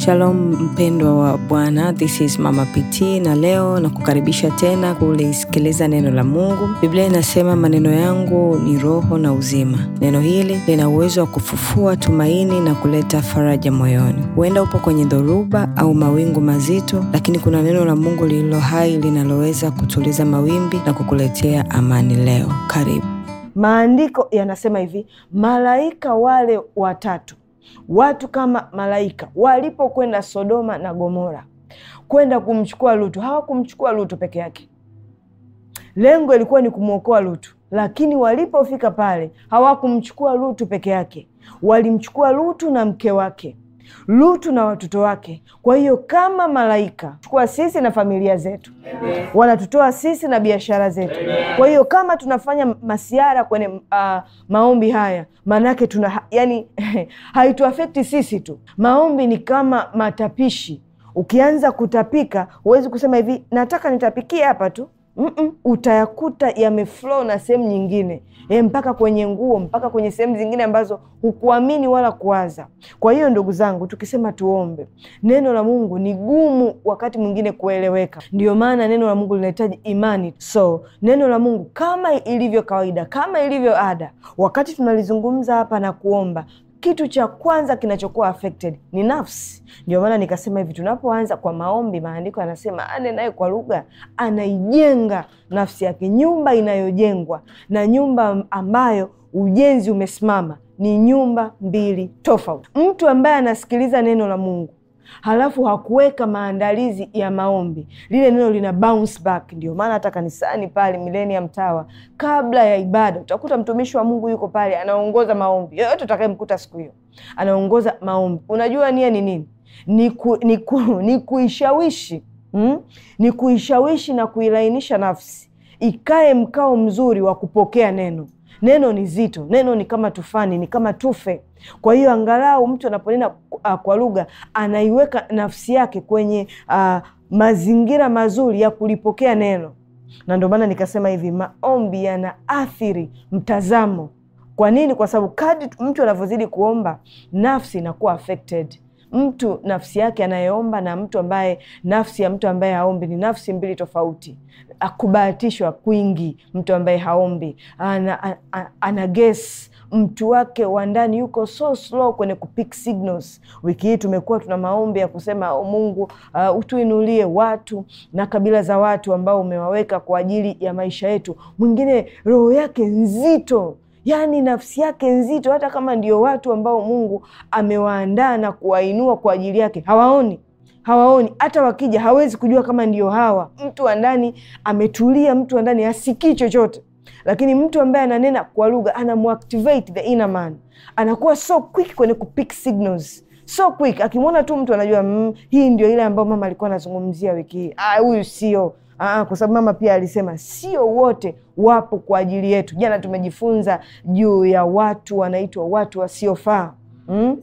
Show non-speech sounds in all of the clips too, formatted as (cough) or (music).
Shalom mpendwa wa Bwana, this is Mama PT na leo kukaribisha tena kulisikiliza neno la Mungu. Biblia inasema maneno yangu ni roho na uzima. Neno hili lina uwezo wa kufufua tumaini na kuleta faraja moyoni. Huenda upo kwenye dhoruba au mawingu mazito, lakini kuna neno la Mungu lililo hai linaloweza kutuliza mawimbi na kukuletea amani leo. Karibu. Maandiko yanasema hivi, malaika wale watatu Watu kama malaika walipokwenda Sodoma na Gomora kwenda kumchukua Lutu, hawakumchukua Lutu peke yake, lengo ilikuwa ni kumwokoa Lutu. Lakini walipofika pale hawakumchukua Lutu peke yake, walimchukua Lutu na mke wake Lutu na watoto wake. Kwa hiyo kama malaika chukua sisi na familia zetu, wanatutoa sisi na biashara zetu. Kwa hiyo kama tunafanya masiara kwenye uh, maombi haya, maanake tuna yani (laughs) haituafekti sisi tu. Maombi ni kama matapishi. Ukianza kutapika, huwezi kusema hivi nataka nitapikie hapa tu. Mm -mm, utayakuta yameflow na sehemu nyingine e, mpaka kwenye nguo, mpaka kwenye sehemu zingine ambazo hukuamini wala kuwaza. Kwa hiyo ndugu zangu, tukisema tuombe, neno la Mungu ni gumu wakati mwingine kueleweka. Ndiyo maana neno la Mungu linahitaji imani. So neno la Mungu kama ilivyo kawaida, kama ilivyo ada, wakati tunalizungumza hapa na kuomba kitu cha kwanza kinachokuwa affected ni nafsi. Ndio maana nikasema hivi, tunapoanza kwa maombi, maandiko anasema ane naye kwa lugha anaijenga nafsi yake. Nyumba inayojengwa na nyumba ambayo ujenzi umesimama ni nyumba mbili tofauti. Mtu ambaye anasikiliza neno la Mungu halafu hakuweka maandalizi ya maombi, lile neno lina bounce back. Ndio maana hata kanisani pale Millennium Tower, kabla ya ibada, utakuta mtumishi wa Mungu yuko pale anaongoza maombi. Yoyote utakayemkuta siku hiyo anaongoza maombi. Unajua nia ni nini? Ni, ku, ni, ku, ni kuishawishi hmm? Ni kuishawishi na kuilainisha nafsi ikae mkao mzuri wa kupokea neno. Neno ni zito, neno ni kama tufani, ni kama tufe. Kwa hiyo angalau mtu anaponena uh, kwa lugha anaiweka nafsi yake kwenye uh, mazingira mazuri ya kulipokea neno, na ndio maana nikasema hivi, maombi yana athiri mtazamo. Kwa nini? Kwa sababu kadri mtu anavyozidi kuomba, nafsi inakuwa affected mtu nafsi yake anayeomba na mtu ambaye nafsi ya mtu ambaye haombi ni nafsi mbili tofauti. Akubahatishwa kwingi mtu ambaye haombi ana, ana, ana, gesi mtu wake wa ndani yuko so slow kwenye kupik signals. Wiki hii tumekuwa tuna maombi ya kusema o oh, Mungu, uh, utuinulie watu na kabila za watu ambao umewaweka kwa ajili ya maisha yetu. Mwingine roho yake nzito yaani nafsi yake nzito, hata kama ndio watu ambao Mungu amewaandaa na kuwainua kwa ajili yake, hawaoni hawaoni. Hata wakija hawezi kujua kama ndio hawa. Mtu wa ndani ametulia, mtu wa ndani asikii chochote, lakini mtu ambaye ananena kwa lugha anamwactivate the inner man, anakuwa so quick kwenye kupick signals so quick. Akimwona tu mtu anajua, mm, hii ndio ile ambayo mama alikuwa anazungumzia wiki hii. Ah, huyu sio Ah, ah, kwa sababu mama pia alisema sio wote wapo kwa ajili yetu. Jana tumejifunza juu ya watu wanaitwa watu wasiofaa hmm?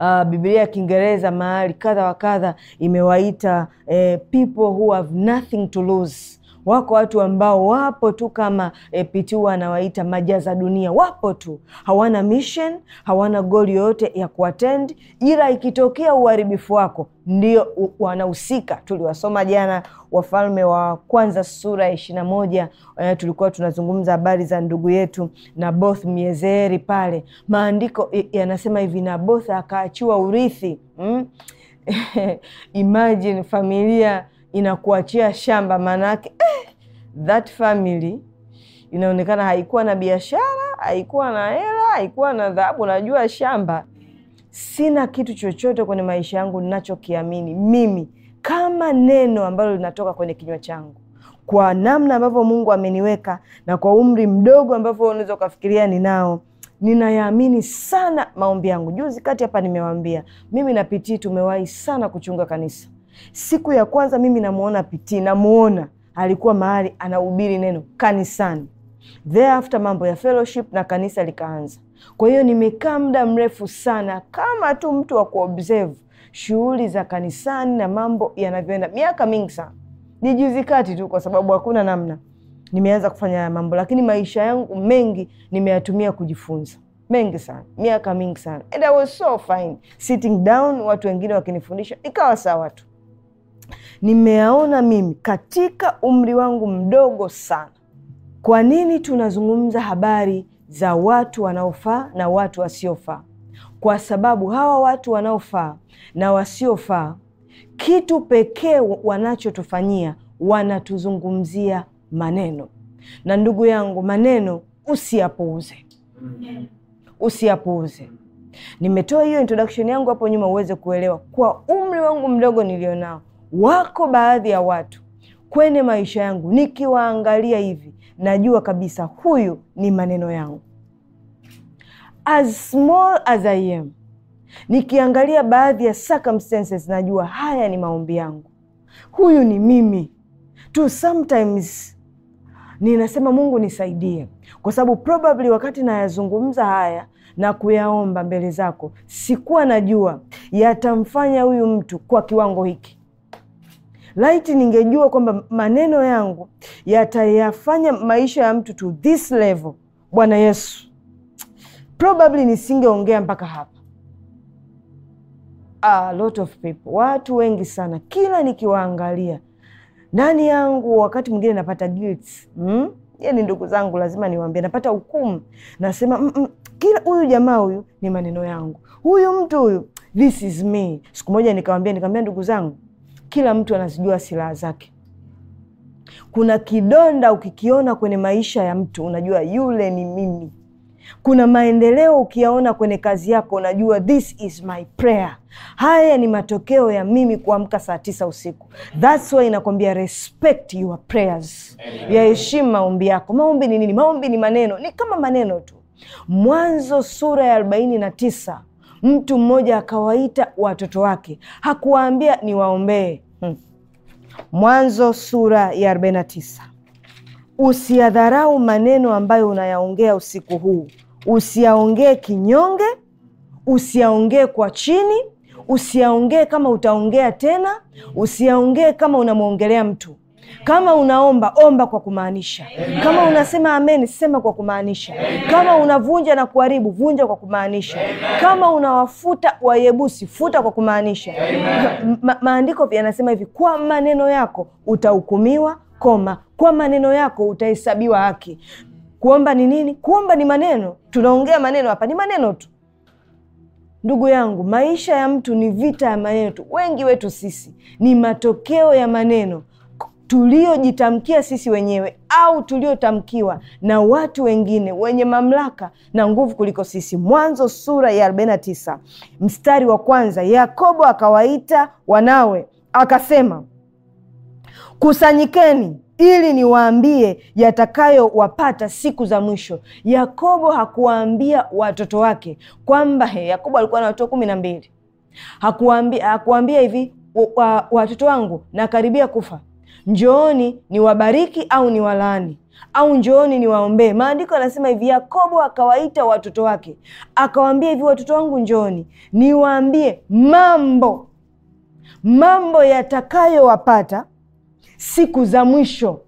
Uh, Biblia ya Kiingereza mahali kadha wa kadha imewaita eh, people who have nothing to lose Wako watu ambao wapo tu kama e, eh, pitu anawaita majaza dunia, wapo tu, hawana mission, hawana goal yoyote ya kuattend, ila ikitokea uharibifu wako ndio wanahusika. Tuliwasoma jana Wafalme wa Kwanza sura ya ishirini na moja. E, tulikuwa tunazungumza habari za ndugu yetu Naboth miezeri pale. Maandiko eh, yanasema hivi, Naboth akaachiwa urithi mm? (laughs) Imagine familia inakuachia shamba, maanake eh, that family inaonekana haikuwa na biashara, haikuwa na hela, haikuwa na dhahabu. Najua shamba, sina kitu chochote kwenye maisha yangu nachokiamini mimi kama neno ambalo linatoka kwenye kinywa changu kwa namna ambavyo Mungu ameniweka na kwa umri mdogo ambavyo unaweza ukafikiria ninao, ninayaamini sana maombi yangu. Juzi kati hapa nimewambia mimi na Pitii tumewahi sana kuchunga kanisa Siku ya kwanza mimi namuona Pitii, namuona alikuwa mahali anahubiri neno kanisani. Thereafter mambo ya fellowship na kanisa likaanza. Kwa hiyo nimekaa muda mrefu sana kama tu mtu wa kuobserve shughuli za kanisani na mambo yanavyoenda, miaka mingi sana. Ni juzi kati tu, kwa sababu hakuna namna, nimeanza kufanya haya mambo, lakini maisha yangu mengi nimeyatumia kujifunza mengi sana, miaka mingi sana, and I was so fine sitting down, watu wengine wakinifundisha, ikawa sawa tu nimeyaona mimi katika umri wangu mdogo sana. Kwa nini tunazungumza habari za watu wanaofaa na watu wasiofaa? Kwa sababu hawa watu wanaofaa na wasiofaa, kitu pekee wanachotufanyia wanatuzungumzia maneno. Na ndugu yangu, maneno usiyapuuze, usiyapuuze. Nimetoa hiyo introduction yangu hapo nyuma uweze kuelewa kwa umri wangu mdogo nilionao Wako baadhi ya watu kwenye maisha yangu, nikiwaangalia hivi najua kabisa huyu ni maneno yangu, as small as I am. Nikiangalia baadhi ya circumstances najua haya ni maombi yangu, huyu ni mimi tu. Sometimes ninasema Mungu nisaidie, kwa sababu probably wakati nayazungumza haya na kuyaomba mbele zako, sikuwa najua yatamfanya huyu mtu kwa kiwango hiki Laiti ningejua kwamba maneno yangu yatayafanya maisha ya mtu to this level, Bwana Yesu, probably nisingeongea mpaka hapa. A lot of people, watu wengi sana, kila nikiwaangalia ndani yangu, wakati mwingine napata guilt mm? Yani ndugu zangu, lazima niwaambie, napata hukumu, nasema mm -mm, kila huyu jamaa huyu ni maneno yangu, huyu mtu huyu, this is me. Siku moja nikawambia, nikawambia ndugu zangu kila mtu anazijua silaha zake. Kuna kidonda ukikiona kwenye maisha ya mtu unajua yule ni mimi. Kuna maendeleo ukiyaona kwenye kazi yako unajua this is my prayer. Haya ni matokeo ya mimi kuamka saa tisa usiku. That's why inakwambia respect your prayers, yaheshimu maombi yako. Maombi ni nini? Maombi ni maneno, ni kama maneno tu. Mwanzo sura ya arobaini na tisa Mtu mmoja akawaita watoto wake, hakuwaambia niwaombee. Hmm. Mwanzo sura ya 49. Usiyadharau maneno ambayo unayaongea usiku huu, usiyaongee kinyonge, usiyaongee kwa chini, usiyaongee kama utaongea tena, usiyaongee kama unamwongelea mtu kama unaomba omba kwa kumaanisha. Kama unasema amen, sema kwa kumaanisha. Kama unavunja na kuharibu, vunja kwa kumaanisha. Kama unawafuta Wayebusi, futa kwa kumaanisha. (laughs) Ma maandiko pia yanasema hivi, kwa maneno yako utahukumiwa, koma, kwa maneno yako utahesabiwa haki. Kuomba ni nini? Kuomba ni maneno. Tunaongea maneno hapa, ni maneno tu. Ndugu yangu, maisha ya mtu ni vita ya maneno tu. Wengi wetu sisi ni matokeo ya maneno tuliojitamkia sisi wenyewe au tuliotamkiwa na watu wengine wenye mamlaka na nguvu kuliko sisi. Mwanzo sura ya 49 mstari wa kwanza, Yakobo akawaita wanawe akasema, kusanyikeni ili niwaambie yatakayowapata siku za mwisho. Yakobo hakuwaambia watoto wake kwamba he, Yakobo alikuwa na watoto kumi na mbili. Hakuwaambia, hakuwaambia hivi watoto wangu nakaribia kufa njooni ni wabariki au ni walaani au njooni ni waombee Maandiko anasema hivi, Yakobo akawaita watoto wake akawaambia hivi, watoto wangu njooni niwaambie mambo mambo yatakayowapata siku za mwisho.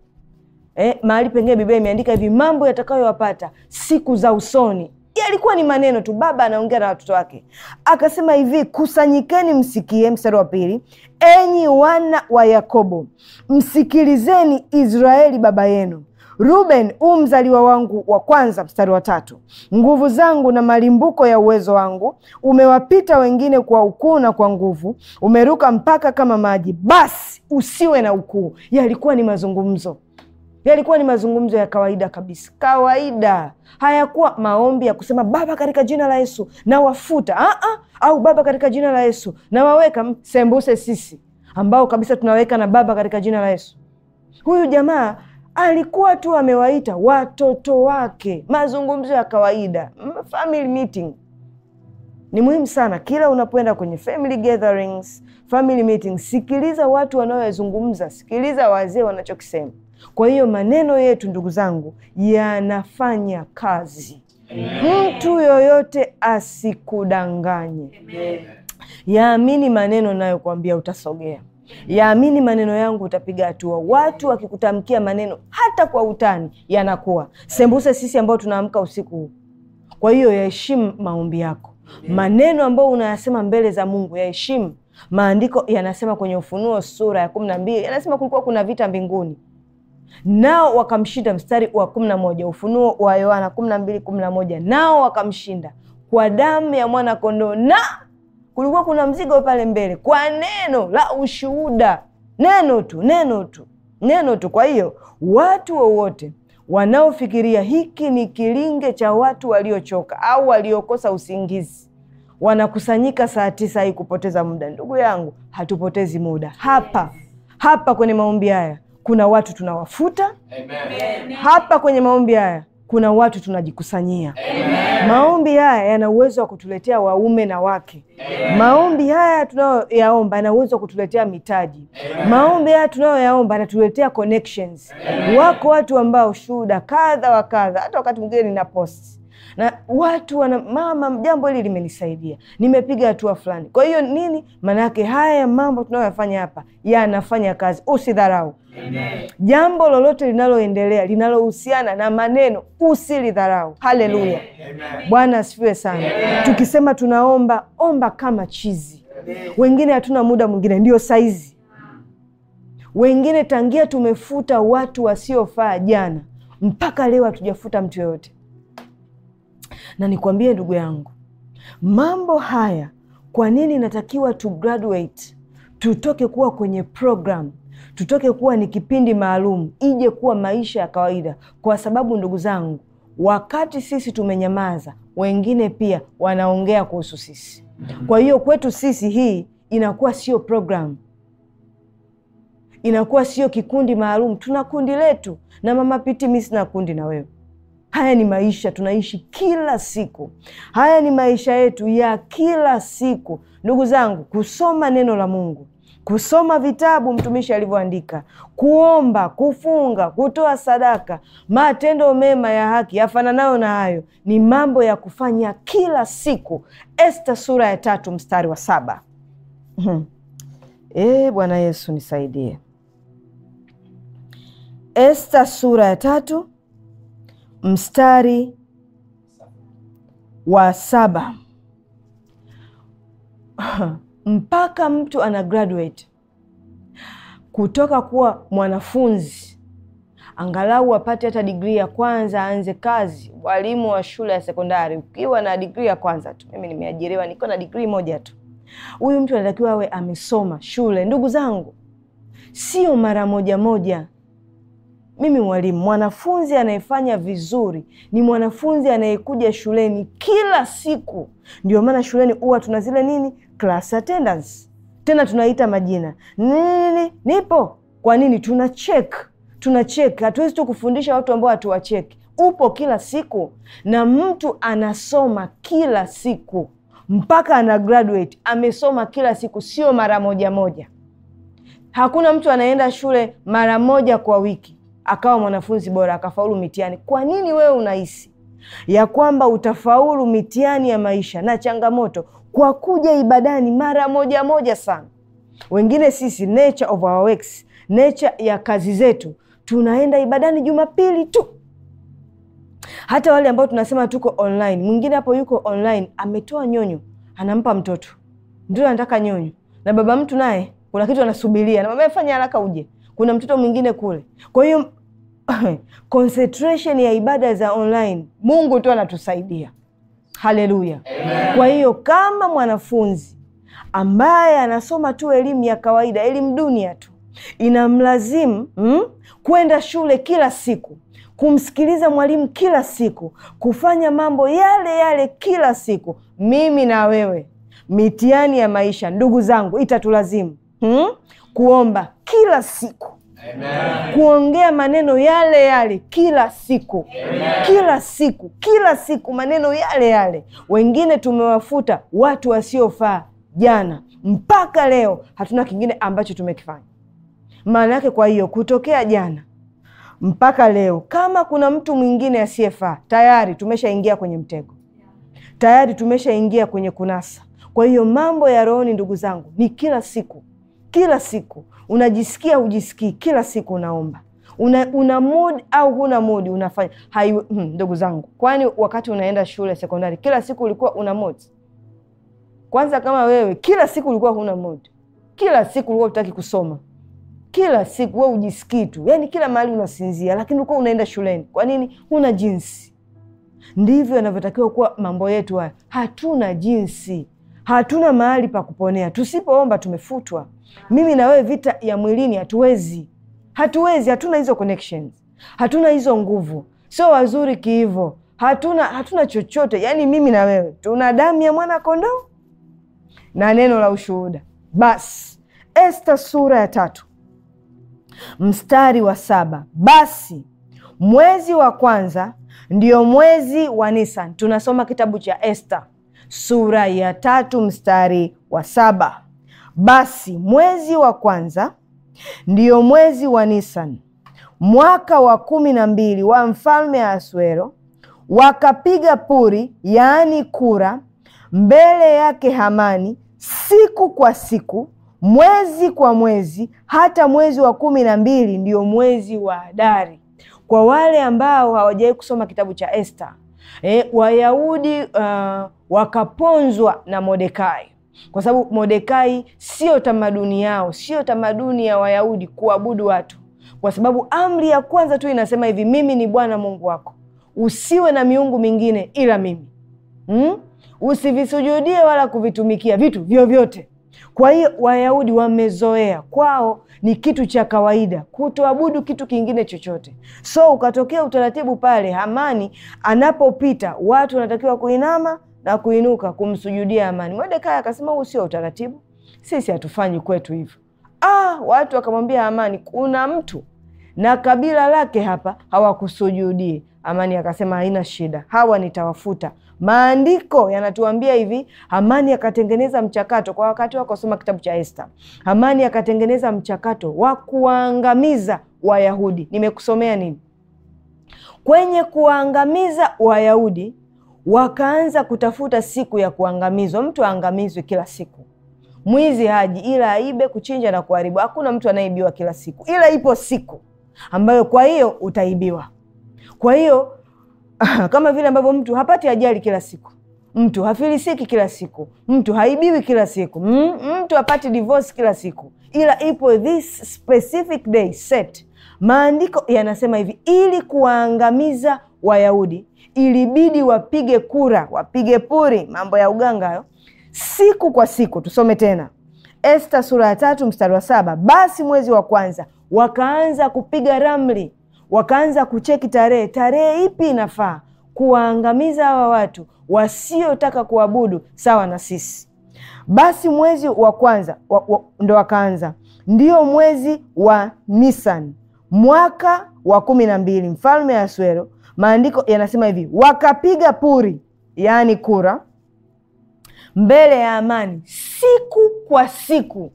Eh, mahali pengine Biblia imeandika hivi, mambo yatakayowapata siku za usoni yalikuwa ni maneno tu, baba anaongea na watoto wake, akasema hivi, kusanyikeni msikie. Mstari wa pili, enyi wana wa Yakobo, msikilizeni Israeli baba yenu Ruben huu mzaliwa wangu wa kwanza. Mstari wa tatu, nguvu zangu na malimbuko ya uwezo wangu, umewapita wengine kwa ukuu na kwa nguvu, umeruka mpaka kama maji, basi usiwe na ukuu. Yalikuwa ni mazungumzo Yalikuwa ni mazungumzo ya kawaida kabisa, kawaida. Hayakuwa maombi ya kusema Baba katika jina la Yesu nawafuta ah -ah, au Baba katika jina la Yesu nawaweka sembuse. Sisi ambao kabisa tunaweka na Baba katika jina la Yesu, huyu jamaa alikuwa tu amewaita watoto wake, mazungumzo ya kawaida, family meeting. Ni muhimu sana kila unapoenda kwenye family gatherings, family meetings, sikiliza watu wanaoyazungumza, sikiliza wazee wanachokisema. Kwa hiyo maneno yetu, ndugu zangu, yanafanya kazi. Amen. Mtu yoyote asikudanganye. Yaamini maneno nayokuambia, utasogea. Yaamini maneno yangu, utapiga hatua. Watu wakikutamkia maneno hata kwa utani, yanakuwa sembuse sisi ambao tunaamka usiku huu. Kwa hiyo yaheshimu maombi yako. Maneno ambayo unayasema mbele za Mungu yaheshimu. Maandiko yanasema kwenye Ufunuo sura ya kumi na mbili yanasema kulikuwa kuna vita mbinguni nao wakamshinda. Mstari wa kumi na moja Ufunuo wa Yohana kumi na mbili kumi na moja nao wakamshinda kwa damu ya mwana kondoo, na kulikuwa kuna mzigo pale mbele, kwa neno la ushuhuda. Neno tu, neno tu, neno tu. Kwa hiyo watu wowote wanaofikiria hiki ni kilinge cha watu waliochoka au waliokosa usingizi wanakusanyika saa tisa hii kupoteza muda. Ndugu yangu, hatupotezi muda hapa hapa kwenye maombi haya kuna watu tunawafuta. Amen. Hapa kwenye maombi haya kuna watu tunajikusanyia. Amen. Maombi haya yana uwezo wa kutuletea waume na wake. Amen. Maombi haya tunayoyaomba yana uwezo wa kutuletea mitaji. Amen. Maombi haya tunayoyaomba yanatuletea connections. Amen. Wako watu ambao shuhuda kadha wa kadha, hata wakati mwingine nina post na watu wana mama, jambo hili limenisaidia, nimepiga hatua fulani. Kwa hiyo nini maana yake? Haya mambo tunayoyafanya hapa yanafanya kazi, usidharau. Amen. Jambo lolote linaloendelea linalohusiana na maneno usilidharau. Haleluya, Bwana asifiwe sana. Amen. Tukisema tunaomba omba kama chizi. Amen. Wengine hatuna muda mwingine, ndio saizi wengine tangia tumefuta watu wasiofaa jana mpaka leo hatujafuta mtu yoyote. Na nikwambie ndugu yangu, mambo haya, kwa nini natakiwa tu graduate, tutoke kuwa kwenye programu tutoke kuwa ni kipindi maalum, ije kuwa maisha ya kawaida, kwa sababu ndugu zangu, wakati sisi tumenyamaza, wengine pia wanaongea kuhusu sisi. Mm-hmm. Kwa hiyo kwetu sisi hii inakuwa sio programu, inakuwa sio kikundi maalum. Tuna kundi letu, na mama Piti, mi sina kundi na wewe. Haya ni maisha tunaishi kila siku, haya ni maisha yetu ya kila siku. Ndugu zangu, kusoma neno la Mungu kusoma vitabu mtumishi alivyoandika, kuomba, kufunga, kutoa sadaka, matendo mema ya haki yafananayo na hayo ni mambo ya kufanya kila siku. Esta sura ya tatu mstari wa saba. E, Bwana Yesu nisaidie. Esta sura ya tatu mstari wa saba mpaka mtu ana graduate kutoka kuwa mwanafunzi angalau apate hata digrii ya kwanza, aanze kazi. Walimu wa shule ya sekondari, ukiwa na digrii ya kwanza tu, mimi nimeajiriwa niko na digrii moja tu, huyu mtu anatakiwa awe amesoma shule. Ndugu zangu, sio mara moja moja. Mimi mwalimu, mwanafunzi anayefanya vizuri ni mwanafunzi anayekuja shuleni kila siku. Ndio maana shuleni huwa tuna zile nini class attendance, tena tunaita majina nini, nipo kwa nini? Tuna check, tuna check. Hatuwezi tu kufundisha watu ambao hatuwacheki. Upo kila siku na mtu anasoma kila siku mpaka ana graduate, amesoma kila siku, sio mara moja moja. Hakuna mtu anaenda shule mara moja kwa wiki akawa mwanafunzi bora akafaulu mitiani Kwa nini wewe unahisi ya kwamba utafaulu mitiani ya maisha na changamoto kwa kuja ibadani mara moja moja sana. Wengine sisi nature of our works, nature ya kazi zetu, tunaenda ibadani Jumapili tu. Hata wale ambao tunasema tuko online, mwingine hapo yuko online, ametoa nyonyo anampa mtoto, ndio anataka nyonyo, na baba mtu naye kuna kitu anasubiria, na mama fanya haraka uje, kuna mtoto mwingine kule. Kwa hiyo (coughs) concentration ya ibada za online, Mungu tu anatusaidia haleluya. Kwa hiyo kama mwanafunzi ambaye anasoma tu elimu ya kawaida, elimu dunia tu, inamlazimu mm, kwenda shule kila siku kumsikiliza mwalimu kila siku, kufanya mambo yale yale kila siku, mimi na wewe, mitihani ya maisha, ndugu zangu, itatulazimu hmm? kuomba kila siku, Amen. Kuongea maneno yale yale kila siku. Amen. Kila siku, kila siku maneno yale yale. Wengine tumewafuta watu wasiofaa jana mpaka leo, hatuna kingine ambacho tumekifanya. Maana yake, kwa hiyo kutokea jana mpaka leo, kama kuna mtu mwingine asiyefaa, tayari tumeshaingia kwenye mtego, tayari tumeshaingia kwenye kunasa. Kwa hiyo mambo ya rohoni, ndugu zangu, ni kila siku kila siku unajisikia, ujisikii, kila siku unaomba una, una mod au huna mod unafanya hai. Hmm, ndugu zangu, kwani wakati unaenda shule sekondari kila siku ulikuwa una mod Kwanza kama wewe kila siku ulikuwa huna mod kila siku ulikuwa utaki kusoma, kila siku we ujisikii tu, yani kila mahali unasinzia, lakini ulikuwa unaenda shuleni. Kwa nini? Huna jinsi. Ndivyo yanavyotakiwa kuwa mambo yetu haya. Hatuna jinsi, hatuna mahali pa kuponea. Tusipoomba tumefutwa. Mimi na wewe vita ya mwilini hatuwezi, hatuwezi, hatuna hizo connections, hatuna hizo nguvu, sio wazuri kihivo, hatuna hatuna chochote. Yani mimi na wewe tuna damu ya mwana kondoo na neno la ushuhuda. Basi Esta sura ya tatu mstari wa saba basi mwezi wa kwanza ndio mwezi wa Nisan. Tunasoma kitabu cha Esta sura ya tatu mstari wa saba. Basi mwezi wa kwanza ndiyo mwezi wa Nisan, mwaka wa kumi na mbili wa mfalme Asuero, wakapiga puri, yaani kura, mbele yake Hamani, siku kwa siku, mwezi kwa mwezi, hata mwezi wa kumi na mbili ndio mwezi wa Adari. Kwa wale ambao hawajawahi kusoma kitabu cha Esta, eh, Wayahudi uh, wakaponzwa na Mordekai kwa sababu modekai sio tamaduni yao, sio tamaduni ya Wayahudi kuabudu watu, kwa sababu amri ya kwanza tu inasema hivi, mimi ni Bwana Mungu wako, usiwe na miungu mingine ila mimi hmm? Usivisujudie wala kuvitumikia vitu vyovyote. Kwa hiyo Wayahudi wamezoea, kwao ni kitu cha kawaida kutoabudu kitu kingine chochote. So ukatokea utaratibu pale Hamani anapopita, watu wanatakiwa kuinama na kuinuka kumsujudia amani Mordekai akasema huu sio utaratibu, sisi hatufanyi kwetu hivyo. Ah, watu wakamwambia Amani, kuna mtu na kabila lake hapa hawakusujudie. Amani akasema haina shida, hawa nitawafuta. Maandiko yanatuambia hivi, amani akatengeneza mchakato kwa wakati wako, soma kitabu cha Esta. Amani akatengeneza mchakato wa kuwaangamiza Wayahudi. Nimekusomea nini? Kwenye kuwaangamiza Wayahudi wakaanza kutafuta siku ya kuangamizwa. Mtu aangamizwe kila siku, mwizi haji ila aibe, kuchinja na kuharibu. Hakuna mtu anayeibiwa kila siku, ila ipo siku ambayo kwa hiyo utaibiwa. Kwa hiyo (laughs) kama vile ambavyo mtu hapati ajali kila siku, mtu hafilisiki kila siku, mtu haibiwi kila siku, mm, mtu hapati divorce kila siku, ila ipo this specific day set. Maandiko yanasema hivi, ili kuwaangamiza Wayahudi ilibidi wapige kura, wapige puri. Mambo ya uganga hayo, siku kwa siku. Tusome tena Esta sura ya tatu mstari wa saba. Basi mwezi wa kwanza wakaanza kupiga ramli, wakaanza kucheki tarehe, tarehe ipi inafaa kuwaangamiza hawa watu wasiotaka kuabudu sawa na sisi. Basi mwezi wa kwanza wa, wa, ndo wakaanza, ndio mwezi wa Nisan, mwaka wa kumi na mbili, mfalme ya Asuero maandiko yanasema hivi, wakapiga puri, yaani kura, mbele ya amani siku kwa siku,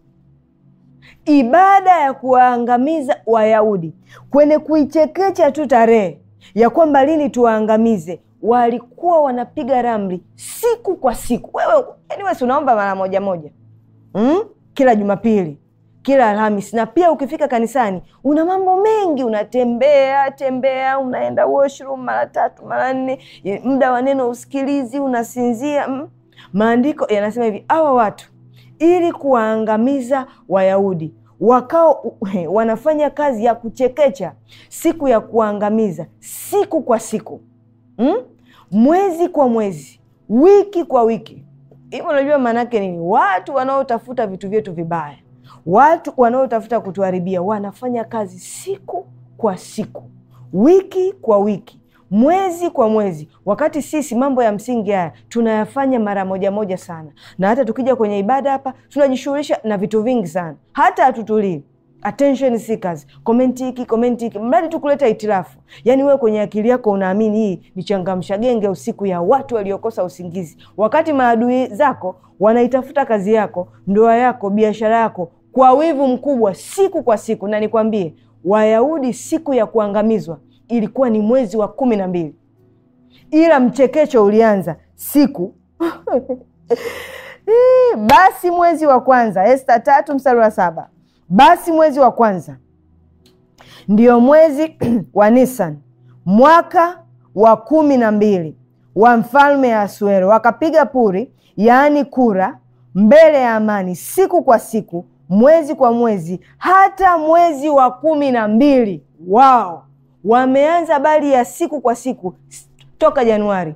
ibada ya kuwaangamiza Wayahudi kwenye kuichekecha tu tarehe ya kwamba lini tuwaangamize. Walikuwa wanapiga ramli siku kwa siku. Wewe yani, unaomba mara moja moja, mm? kila Jumapili kila Alhamisi. Na pia ukifika kanisani una mambo mengi, unatembea tembea, unaenda washroom mara tatu mara nne, muda wa neno usikilizi, unasinzia mm. Maandiko yanasema hivi, awa watu ili kuwaangamiza Wayahudi wakao wanafanya kazi ya kuchekecha siku ya kuangamiza, siku kwa siku mm? mwezi kwa mwezi, wiki kwa wiki. hivo unajua maanaake nini? Watu wanaotafuta vitu vyetu vibaya Watu wanaotafuta kutuharibia wanafanya kazi siku kwa siku, wiki kwa wiki, mwezi kwa mwezi, wakati sisi mambo ya msingi haya tunayafanya mara moja moja sana. Na hata tukija kwenye ibada hapa tunajishughulisha na vitu vingi sana, hata hatutulii attention seekers, hiki hiki, mradi tu kuleta itilafu. Yani wewe kwenye akili yako unaamini hii ni changamsha genge usiku ya watu waliokosa usingizi, wakati maadui zako wanaitafuta kazi yako, ndoa yako, biashara yako, kwa wivu mkubwa siku kwa siku, na nikwambie Wayahudi siku ya kuangamizwa ilikuwa ni mwezi wa kumi na mbili, ila mchekecho ulianza siku (laughs) basi mwezi wa kwanza, Esta tatu msari wa saba. Basi mwezi wa kwanza ndiyo mwezi (clears throat) wa Nisan, mwaka wa kumi na mbili wa mfalme ya Asuero, wakapiga puri, yaani kura, mbele ya amani siku kwa siku mwezi kwa mwezi, hata mwezi wa kumi na mbili wao wameanza habari ya siku kwa siku toka Januari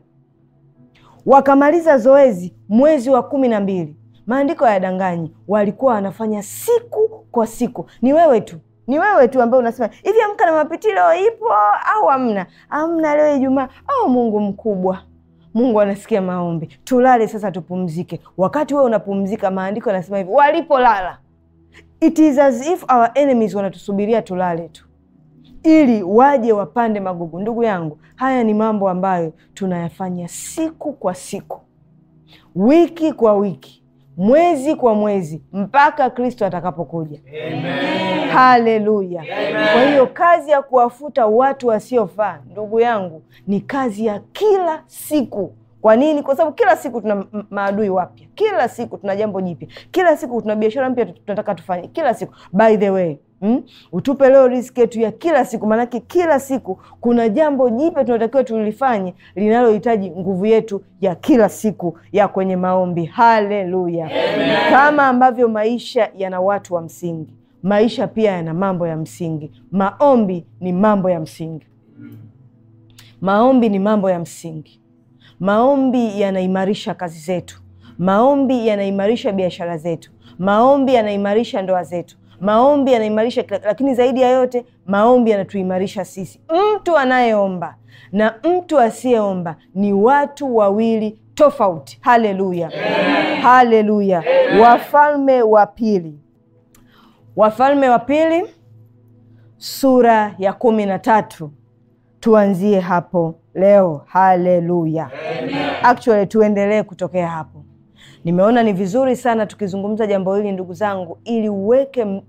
wakamaliza zoezi mwezi wa kumi na mbili. Maandiko danganyi walikuwa wanafanya siku kwa siku. Ni wewe tu, ni wewe tu ambaye unasema hivi, amka na mapiti leo ipo au amna Amna leo Ijumaa au oh, Mungu mkubwa Mungu anasikia maombi, tulale sasa, tupumzike. Wakati wewe unapumzika, maandiko yanasema hivi, walipolala It is as if our enemies wanatusubiria tulale tu ili waje wapande magugu. Ndugu yangu, haya ni mambo ambayo tunayafanya siku kwa siku, wiki kwa wiki, mwezi kwa mwezi, mpaka Kristo atakapokuja. Amen. Haleluya. Amen. Kwa hiyo kazi ya kuwafuta watu wasiofaa, ndugu yangu, ni kazi ya kila siku. Kwa nini? Kwa sababu kila siku tuna maadui wapya, kila siku tuna jambo jipya, kila siku tuna biashara mpya tunataka tufanye, kila siku. By the way Mm? Utupe leo riski yetu ya kila siku, maanake kila siku kuna jambo jipya tunatakiwa tulifanye linalohitaji nguvu yetu ya kila siku ya kwenye maombi. Haleluya! Kama ambavyo maisha yana watu wa msingi, maisha pia yana mambo ya msingi. Maombi ni mambo ya msingi, maombi ni mambo ya msingi. Maombi yanaimarisha kazi zetu, maombi yanaimarisha biashara zetu, maombi yanaimarisha ndoa zetu, maombi yanaimarisha lakini zaidi ya yote maombi yanatuimarisha sisi. Mtu anayeomba na mtu asiyeomba ni watu wawili tofauti. Haleluya, haleluya! Wafalme wa Pili, Wafalme wa Pili sura ya kumi na tatu tuanzie hapo leo. Haleluya, actually tuendelee kutokea hapo. Nimeona ni vizuri sana tukizungumza jambo hili ndugu zangu, ili uweke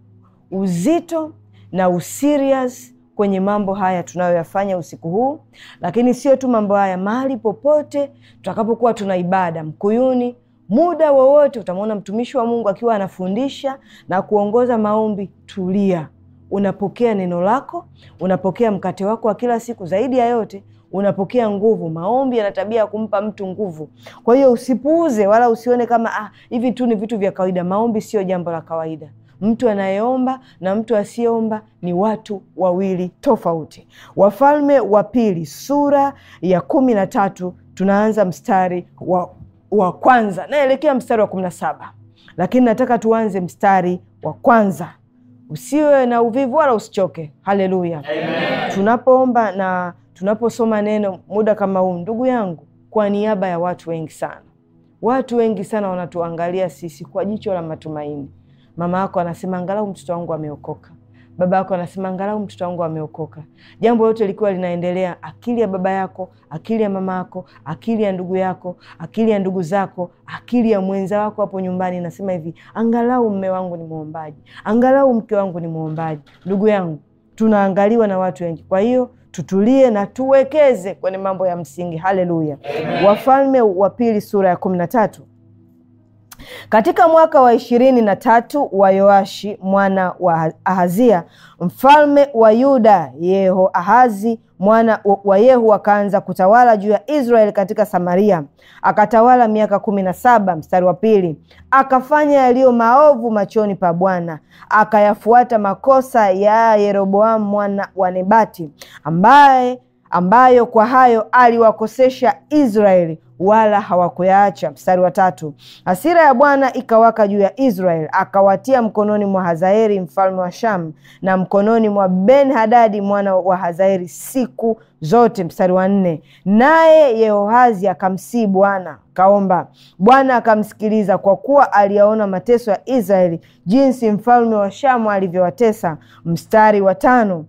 uzito na userious kwenye mambo haya tunayoyafanya usiku huu, lakini sio tu mambo haya, mahali popote tutakapokuwa tuna ibada Mkuyuni, muda wowote utamwona mtumishi wa Mungu akiwa anafundisha na kuongoza maombi. Tulia, unapokea neno lako, unapokea mkate wako wa kila siku. Zaidi ya yote unapokea nguvu. Maombi yana tabia ya kumpa mtu nguvu. Kwa hiyo usipuuze wala usione kama ah, hivi tu ni vitu vya kawaida. Maombi sio jambo la kawaida. Mtu anayeomba na mtu asiyeomba ni watu wawili tofauti. Wafalme wa Pili sura ya kumi na tatu tunaanza mstari wa, wa kwanza naelekea mstari wa kumi na saba lakini nataka tuanze mstari wa kwanza. Usiwe na uvivu wala usichoke. Haleluya! Tunapoomba na tunaposoma neno muda kama huu, ndugu yangu, kwa niaba ya watu wengi sana, watu wengi sana wanatuangalia sisi kwa jicho la matumaini. Mama yako anasema angalau mtoto wangu ameokoka, baba yako anasema angalau mtoto wangu ameokoka. Jambo lote likiwa linaendelea, akili ya baba yako, akili ya mama yako, akili ya ndugu yako, akili ya ndugu zako, akili ya mwenza wako hapo nyumbani nasema hivi, angalau mme wangu ni mwombaji, angalau mke wangu ni mwombaji. Ndugu yangu, tunaangaliwa na watu wengi, kwa hiyo tutulie na tuwekeze kwenye mambo ya msingi. Haleluya! Wafalme wa Pili sura ya kumi na tatu katika mwaka wa ishirini na tatu wa Yoashi mwana wa Ahazia mfalme wa Yuda, Yehoahazi mwana wa Yehu akaanza kutawala juu ya Israeli katika Samaria, akatawala miaka kumi na saba. Mstari wa pili, akafanya yaliyo maovu machoni pa Bwana, akayafuata makosa ya Yeroboamu mwana wa Nebati ambaye ambayo kwa hayo aliwakosesha Israeli wala hawakuyaacha. Mstari wa tatu, hasira ya Bwana ikawaka juu ya israel akawatia mkononi mwa hazaeri mfalme wa sham na mkononi mwa Ben Hadadi mwana wa hazaeri siku zote. Mstari wa nne, naye Yehoazi akamsii Bwana kaomba, Bwana akamsikiliza, kwa kuwa aliyaona mateso ya Israeli, jinsi mfalme wa Shamu alivyowatesa. Mstari wa tano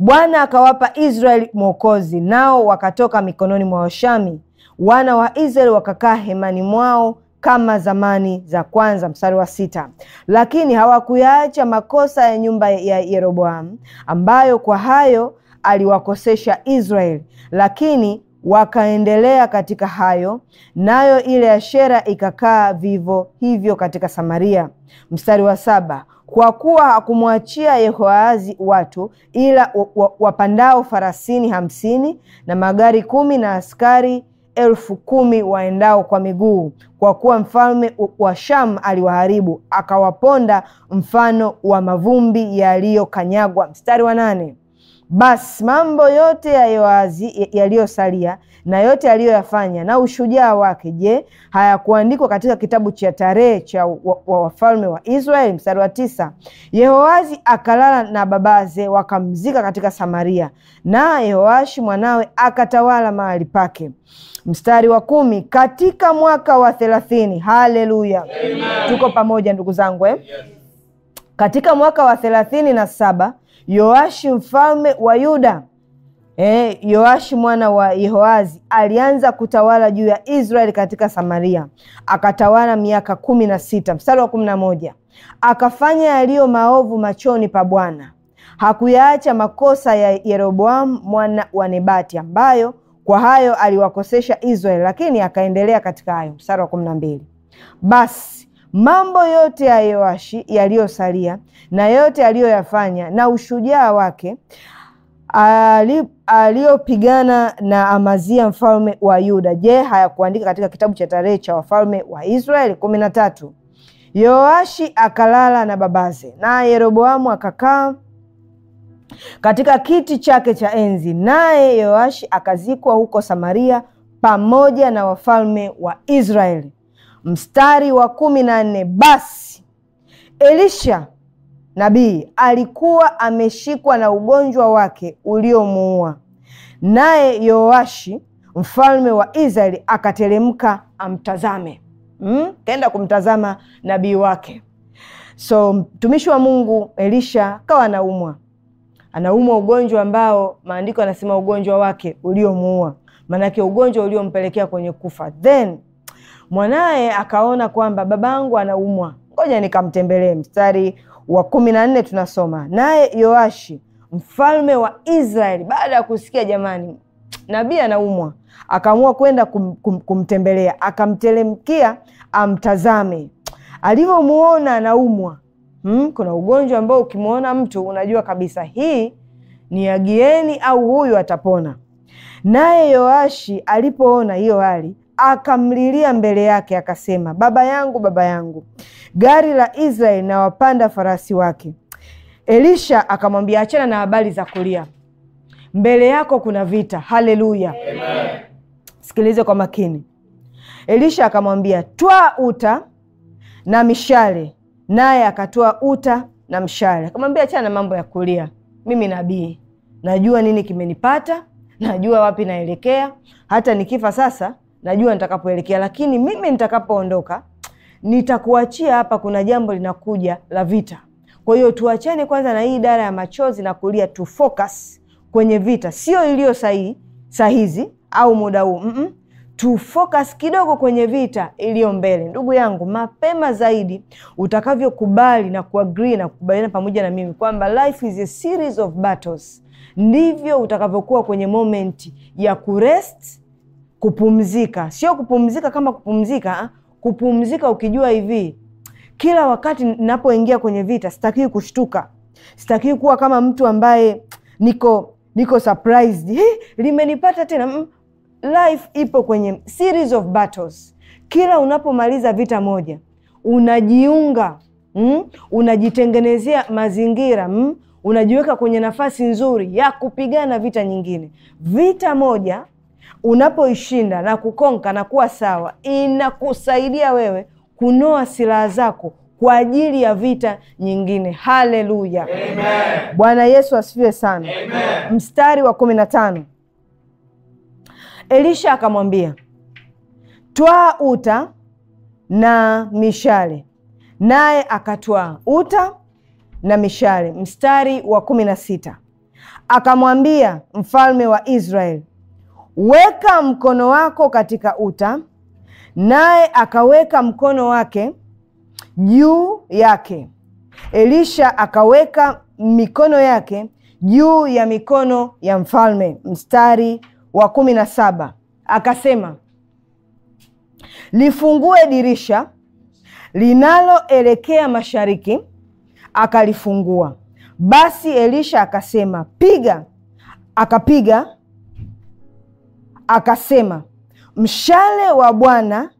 Bwana akawapa Israeli mwokozi, nao wakatoka mikononi mwa Washami. Wana wa Israeli wakakaa hemani mwao kama zamani za kwanza. Mstari wa sita. Lakini hawakuyaacha makosa ya nyumba ya Yeroboamu ambayo kwa hayo aliwakosesha Israeli, lakini wakaendelea katika hayo, nayo ile Ashera ikakaa vivyo hivyo katika Samaria. Mstari wa saba kwa kuwa hakumwachia Yehoahazi watu ila wapandao farasini hamsini na magari kumi na askari elfu kumi waendao kwa miguu, kwa kuwa mfalme wa Shamu aliwaharibu akawaponda mfano wa mavumbi yaliyokanyagwa. Mstari wa nane. Basi mambo yote yaliyosalia na yote aliyoyafanya na ushujaa wake, je, hayakuandikwa katika kitabu cha tarehe cha wafalme wa, wa Israeli? Mstari wa tisa. Yehoazi akalala na babaze, wakamzika katika Samaria, na Yehoashi mwanawe akatawala mahali pake. Mstari wa kumi, katika mwaka wa thelathini. Haleluya, tuko pamoja ndugu zangu eh? Yes. Katika mwaka wa thelathini na saba Yoashi mfalme wa Yuda Eh, Yoashi mwana wa Yehoazi alianza kutawala juu ya Israeli katika Samaria, akatawala miaka kumi na sita. Mstari wa kumi na moja akafanya yaliyo maovu machoni pa Bwana, hakuyaacha makosa ya Yeroboamu mwana wa Nebati, ambayo kwa hayo aliwakosesha Israeli, lakini akaendelea katika hayo. Mstari wa kumi na mbili basi Mambo yote ya Yoashi yaliyosalia na yote aliyoyafanya na ushujaa wake aliyopigana na Amazia mfalme wa Yuda, je, hayakuandika katika kitabu cha tarehe cha wafalme wa Israeli? kumi na tatu. Yoashi akalala na babaze, naye Yeroboamu akakaa katika kiti chake cha enzi, naye Yoashi akazikwa huko Samaria pamoja na wafalme wa Israeli mstari wa kumi na nne basi Elisha nabii alikuwa ameshikwa na ugonjwa wake uliomuua, naye Yoashi mfalme wa Israeli akateremka amtazame. Mm? Kaenda kumtazama nabii wake. So mtumishi wa Mungu Elisha kawa anaumwa, anaumwa ugonjwa ambao maandiko anasema ugonjwa wake uliomuua, maanake ugonjwa uliompelekea kwenye kufa then Mwanaye akaona kwamba babangu anaumwa, ngoja nikamtembelee. Mstari wa kumi na nne tunasoma naye Yoashi mfalme wa Israeli baada ya kusikia jamani, nabii anaumwa, akaamua kwenda kum, kum, kumtembelea. Akamteremkia amtazame. Alivyomuona anaumwa, hmm, kuna ugonjwa ambao ukimwona mtu unajua kabisa hii ni agieni au huyu atapona. Naye Yoashi alipoona hiyo hali, akamlilia mbele yake akasema, baba yangu, baba yangu, gari la Israeli na wapanda farasi wake. Elisha akamwambia, achana na habari za kulia, mbele yako kuna vita. Haleluya, amen. Sikilize kwa makini. Elisha akamwambia, twaa uta na mishale, naye akatoa uta na mshale. Akamwambia, achana na mambo ya kulia, mimi nabii, najua nini kimenipata, najua wapi naelekea, hata nikifa sasa najua nitakapoelekea, lakini mimi nitakapoondoka nitakuachia hapa, kuna jambo linakuja la vita. Kwa hiyo tuachane kwanza na hii idara ya machozi na kulia, tu focus kwenye vita, sio iliyo sahihi sahizi au muda huu mm -mm. Tu focus kidogo kwenye vita iliyo mbele. Ndugu yangu, mapema zaidi utakavyokubali na kuagree na kukubaliana pamoja na mimi kwamba life is a series of battles, ndivyo utakavyokuwa kwenye momenti ya kurest kupumzika, sio kupumzika kama kupumzika, ah, kupumzika ukijua hivi, kila wakati ninapoingia kwenye vita sitakii kushtuka, sitakii kuwa kama mtu ambaye niko niko surprised, he, limenipata tena. Mm, life ipo kwenye series of battles. Kila unapomaliza vita moja unajiunga mm, unajitengenezea mazingira mm, unajiweka kwenye nafasi nzuri ya kupigana vita nyingine. Vita moja unapoishinda na kukonka na kuwa sawa, inakusaidia wewe kunoa silaha zako kwa ajili ya vita nyingine. Haleluya, amen. Bwana Yesu asifiwe sana, amen. Mstari wa kumi na tano Elisha akamwambia, twaa uta na mishale, naye akatwaa uta na mishale. Mstari wa kumi na sita akamwambia mfalme wa Israeli, weka mkono wako katika uta, naye akaweka mkono wake juu yake. Elisha akaweka mikono yake juu ya mikono ya mfalme. Mstari wa kumi na saba akasema, lifungue dirisha linaloelekea mashariki. Akalifungua. Basi Elisha akasema, piga. Akapiga akasema, mshale wa Bwana,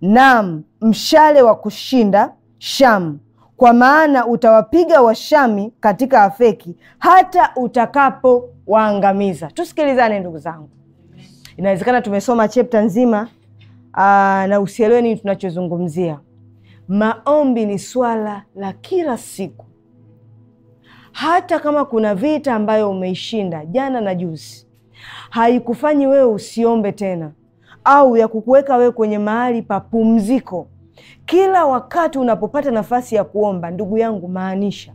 nam mshale wa kushinda sham kwa maana utawapiga Washami katika Afeki hata waangamiza Tusikilizane ndugu zangu, inawezekana tumesoma chepta nzima aa, na usielewe nini tunachozungumzia. Maombi ni swala la kila siku, hata kama kuna vita ambayo umeishinda jana na juzi haikufanyi wewe usiombe tena au ya kukuweka wewe kwenye mahali pa pumziko. Kila wakati unapopata nafasi ya kuomba, ndugu yangu, maanisha,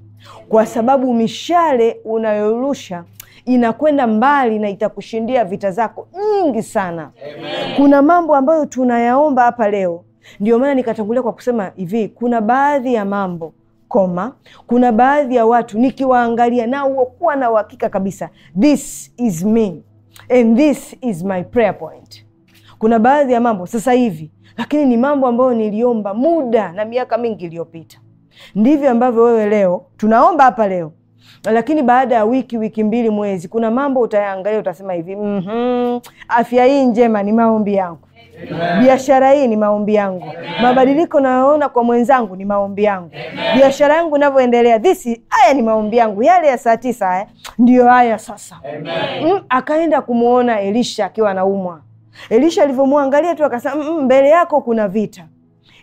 kwa sababu mishale unayorusha inakwenda mbali na itakushindia vita zako nyingi sana. Amen. Kuna mambo ambayo tunayaomba hapa leo, ndio maana nikatangulia kwa kusema hivi, kuna baadhi ya mambo koma, kuna baadhi ya watu nikiwaangalia nao huokuwa na uhakika kabisa, this is me and this is my prayer point. Kuna baadhi ya mambo sasa hivi, lakini ni mambo ambayo niliomba muda na miaka mingi iliyopita. Ndivyo ambavyo wewe leo tunaomba hapa leo, lakini baada ya wiki wiki mbili, mwezi, kuna mambo utayaangalia utasema hivi, mm -hmm, afya hii njema ni maombi yangu Biashara hii ni maombi yangu. Mabadiliko nayoona kwa mwenzangu ni maombi yangu. Biashara yangu inavyoendelea dhisi, haya ni maombi yangu. Yale ya saa tisa haya ndiyo haya sasa. Mm, akaenda kumwona Elisha akiwa anaumwa. Elisha alivyomwangalia tu akasema, mm, mm, mbele yako kuna vita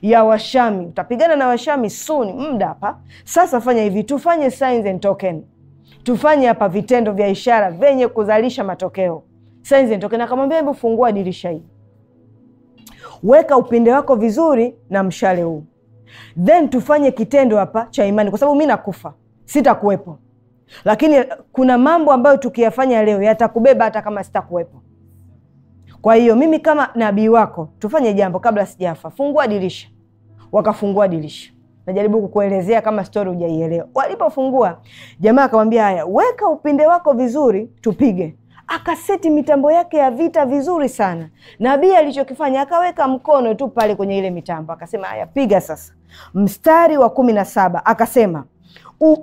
ya Washami, utapigana na Washami soon, muda mm, hapa sasa. Fanya hivi, tufanye signs and token, tufanye hapa vitendo vya ishara vyenye kuzalisha matokeo, signs and token. Akamwambia, hebu fungua dirisha hii weka upinde wako vizuri na mshale huu, then tufanye kitendo hapa cha imani, kwa sababu mi nakufa, sitakuwepo, lakini kuna mambo ambayo tukiyafanya leo yatakubeba hata kama sitakuwepo. Kwa hiyo mimi kama nabii wako, tufanye jambo kabla sijafa. Fungua dirisha. Wakafungua dirisha. Najaribu kukuelezea kama stori hujaielewa. Walipofungua, jamaa akamwambia, haya, weka upinde wako vizuri, tupige akaseti mitambo yake ya vita vizuri sana. Nabii alichokifanya akaweka mkono tu pale kwenye ile mitambo, akasema haya, piga sasa. Mstari wa kumi na saba akasema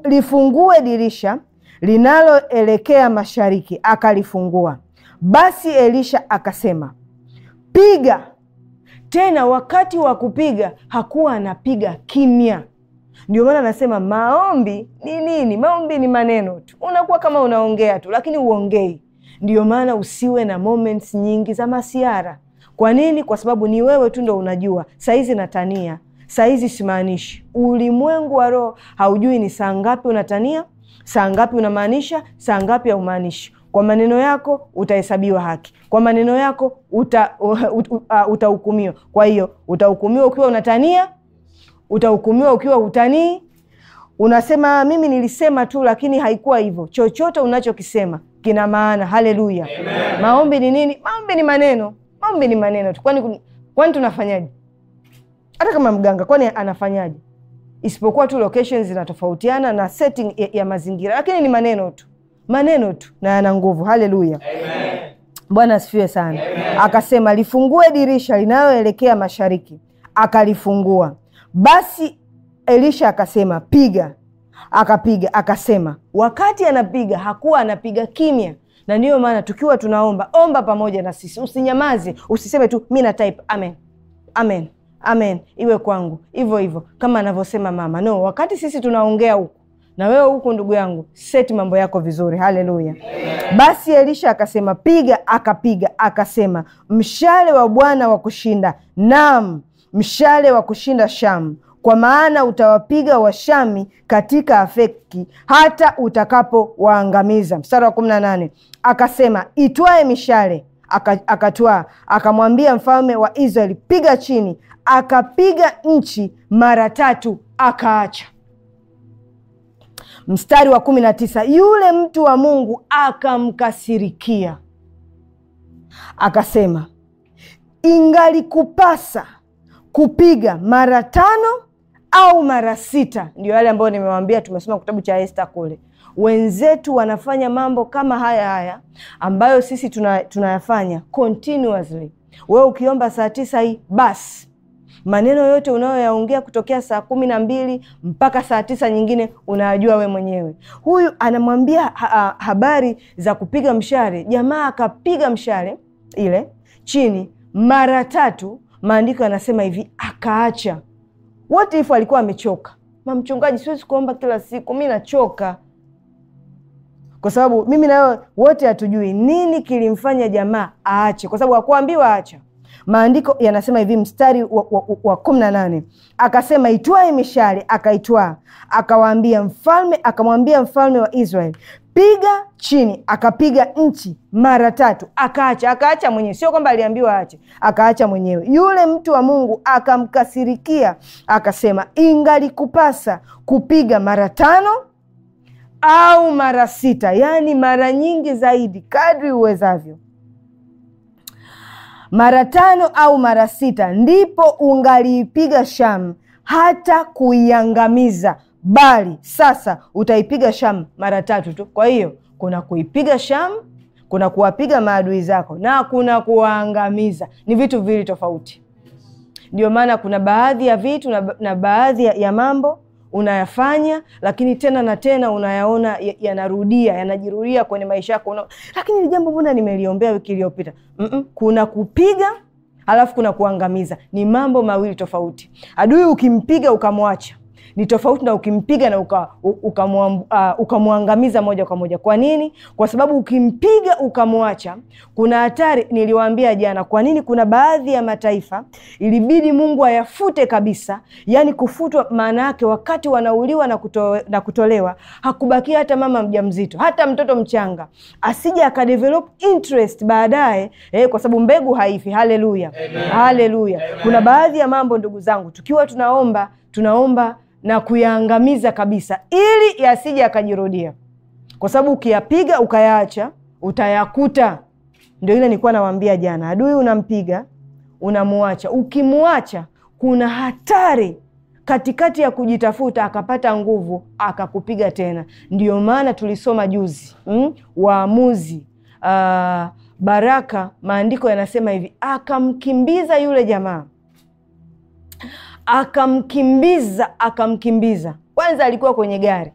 lifungue dirisha linaloelekea mashariki, akalifungua. Basi Elisha akasema piga tena. Wakati wa kupiga hakuwa anapiga kimya. Ndio maana anasema maombi ni nini? Maombi ni maneno tu, unakuwa kama unaongea tu, lakini uongei ndio maana usiwe na moments nyingi za masiara. Kwa nini? Kwa sababu ni wewe tu ndo unajua. Saizi natania, saizi simaanishi. Ulimwengu wa roho haujui ni saa ngapi unatania, saa ngapi unamaanisha, saa ngapi haumaanishi. Kwa maneno yako utahesabiwa haki, kwa maneno yako utahukumiwa. Uh, uh, uh, uta kwa hiyo utahukumiwa ukiwa unatania, utahukumiwa ukiwa utanii Unasema mimi nilisema tu, lakini haikuwa hivyo. Chochote unachokisema kina maana. Haleluya! maombi ni nini? Maombi ni maneno, maombi ni maneno tu. Kwani kwani tunafanyaje? Hata kama mganga, kwani anafanyaje? Isipokuwa tu locations zinatofautiana na setting ya, ya mazingira, lakini ni maneno tu, maneno tu, na yana nguvu. Haleluya! Bwana asifiwe sana. Amen. Akasema lifungue dirisha linaloelekea mashariki, akalifungua. Basi Elisha akasema piga akapiga akasema. Wakati anapiga hakuwa anapiga kimya, na ndiyo maana tukiwa tunaomba omba pamoja na sisi, usinyamaze, usiseme tu mi na type amen amen amen, iwe kwangu hivyo hivyo, kama anavyosema mama. No, wakati sisi tunaongea huku na wewe huku, ndugu yangu, seti mambo yako vizuri. Haleluya! Basi Elisha akasema, piga. Akapiga akasema, mshale wa Bwana wa kushinda, naam, mshale wa kushinda Shamu kwa maana utawapiga Washami katika Afeki hata utakapowaangamiza. Mstari wa kumi na nane akasema itwae mishale akatwaa akamwambia mfalme wa Israeli, piga chini. Akapiga nchi mara tatu akaacha. Mstari wa kumi na tisa yule mtu wa Mungu akamkasirikia akasema, ingalikupasa kupiga mara tano au mara sita. Ndio yale ambayo nimewambia tumesoma kitabu cha Esta kule. Wenzetu wanafanya mambo kama haya haya ambayo sisi tunayafanya continuously. Wewe ukiomba saa tisa hii basi maneno yote unayoyaongea kutokea saa kumi na mbili mpaka saa tisa nyingine unayajua we mwenyewe. Huyu anamwambia ha habari za kupiga mshale, jamaa akapiga mshale ile chini mara tatu. Maandiko yanasema hivi, akaacha What if alikuwa amechoka? Mama mchungaji, siwezi kuomba kila siku, mi nachoka. Kwa sababu mimi nayo wote hatujui nini kilimfanya jamaa aache, kwa sababu hakuambiwa acha. Maandiko yanasema hivi, mstari wa, wa, wa kumi na nane akasema itwae mishale, akaitwaa, akawaambia mfalme, akamwambia mfalme wa Israeli, piga chini, akapiga nchi mara tatu, akaacha. Akaacha mwenyewe, sio kwamba aliambiwa aache, akaacha mwenyewe. Yule mtu wa Mungu akamkasirikia, akasema, ingalikupasa kupiga mara tano au mara sita, yaani mara nyingi zaidi kadri uwezavyo mara tano au mara sita, ndipo ungaliipiga sham hata kuiangamiza bali sasa utaipiga Shamu mara tatu tu. Kwa hiyo kuna kuipiga Shamu, kuna kuwapiga maadui zako na kuna kuwaangamiza, ni vitu viwili tofauti. Ndio maana kuna baadhi ya vitu na, na baadhi ya, ya mambo unayafanya lakini tena na tena unayaona yanarudia ya yanajirudia kwenye maisha yako una... lakini ni jambo mbona nimeliombea wiki iliyopita. mm -mm. Kuna kupiga alafu kuna kuangamiza, ni mambo mawili tofauti. Adui ukimpiga ukamwacha ni tofauti na ukimpiga na uh, ukamwangamiza uh, uka moja kwa moja. Kwa nini? Kwa sababu ukimpiga ukamwacha, kuna hatari. Niliwaambia jana kwa nini kuna baadhi ya mataifa ilibidi Mungu ayafute kabisa, yani kufutwa maana yake wakati wanauliwa na, kuto, na kutolewa hakubakia hata mama mjamzito, hata mtoto mchanga asije akadevelop interest baadaye eh, kwa sababu mbegu haifi. Haleluya, haleluya. Kuna baadhi ya mambo ndugu zangu, tukiwa tunaomba tunaomba na kuyaangamiza kabisa, ili yasije yakajirudia, kwa sababu ukiyapiga ukayaacha utayakuta. Ndio ile nilikuwa nawaambia jana, adui unampiga, unamuacha. Ukimuacha kuna hatari katikati ya kujitafuta akapata nguvu akakupiga tena. Ndio maana tulisoma juzi mm? Waamuzi uh, Baraka, maandiko yanasema hivi, akamkimbiza yule jamaa akamkimbiza akamkimbiza. Kwanza alikuwa kwenye gari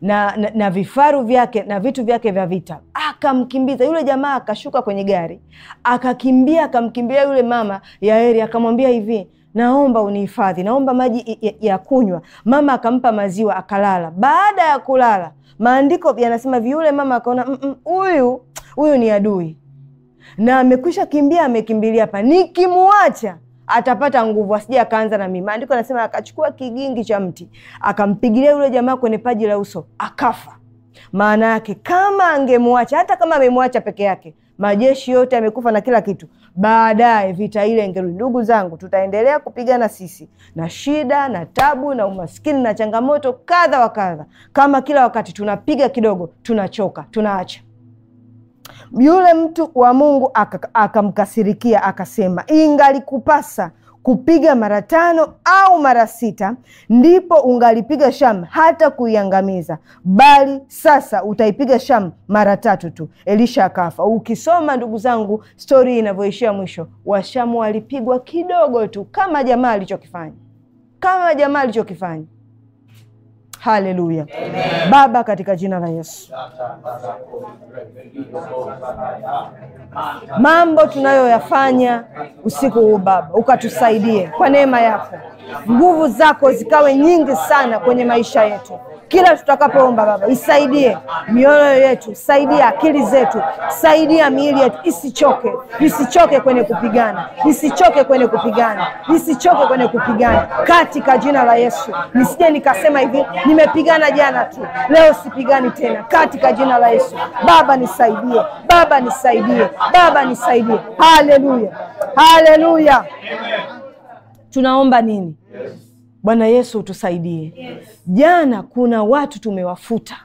na, na, na vifaru vyake na vitu vyake vya vita, akamkimbiza yule jamaa. Akashuka kwenye gari akakimbia, akamkimbia yule mama Yaeri, akamwambia hivi naomba unihifadhi, naomba maji ya, ya kunywa. Mama akampa maziwa akalala. Baada ya kulala, maandiko yanasema viule mama akaona mm, mm, huyu huyu ni adui na amekwisha kimbia, amekimbilia hapa, nikimwacha atapata nguvu, asije akaanza na mimi. Maandiko anasema akachukua kigingi cha mti akampigilia yule jamaa kwenye paji la uso, akafa. Maana yake kama angemwacha, hata kama amemwacha peke yake, majeshi yote amekufa na kila kitu, baadaye vita ile ingerudi. Ndugu zangu, tutaendelea kupigana sisi na shida na tabu na umaskini na changamoto kadha wa kadha. Kama kila wakati tunapiga kidogo, tunachoka, tunaacha yule mtu wa Mungu akamkasirikia aka akasema, ingalikupasa kupiga mara tano au mara sita, ndipo ungalipiga Shamu hata kuiangamiza, bali sasa utaipiga Shamu mara tatu tu. Elisha akafa. Ukisoma ndugu zangu, stori inavyoishia mwisho, Washamu walipigwa kidogo tu, kama jamaa alichokifanya, kama jamaa alichokifanya Haleluya. Baba, katika jina la Yesu, mambo tunayoyafanya usiku huu Baba, ukatusaidie kwa neema yako, nguvu zako zikawe nyingi sana kwenye maisha yetu. Kila tutakapoomba Baba, isaidie mioyo yetu, saidia akili zetu, saidia miili yetu isichoke, isichoke kwenye kupigana, isichoke kwenye kupigana, isichoke kwenye kupigana, katika jina la Yesu. Nisije nikasema hivi, nimepigana jana tu, leo sipigani tena, katika jina la Yesu. Baba nisaidie, Baba nisaidie, Baba nisaidie. Haleluya, haleluya. Tunaomba nini? Yes. Bwana Yesu utusaidie. Yes. Jana kuna watu tumewafuta,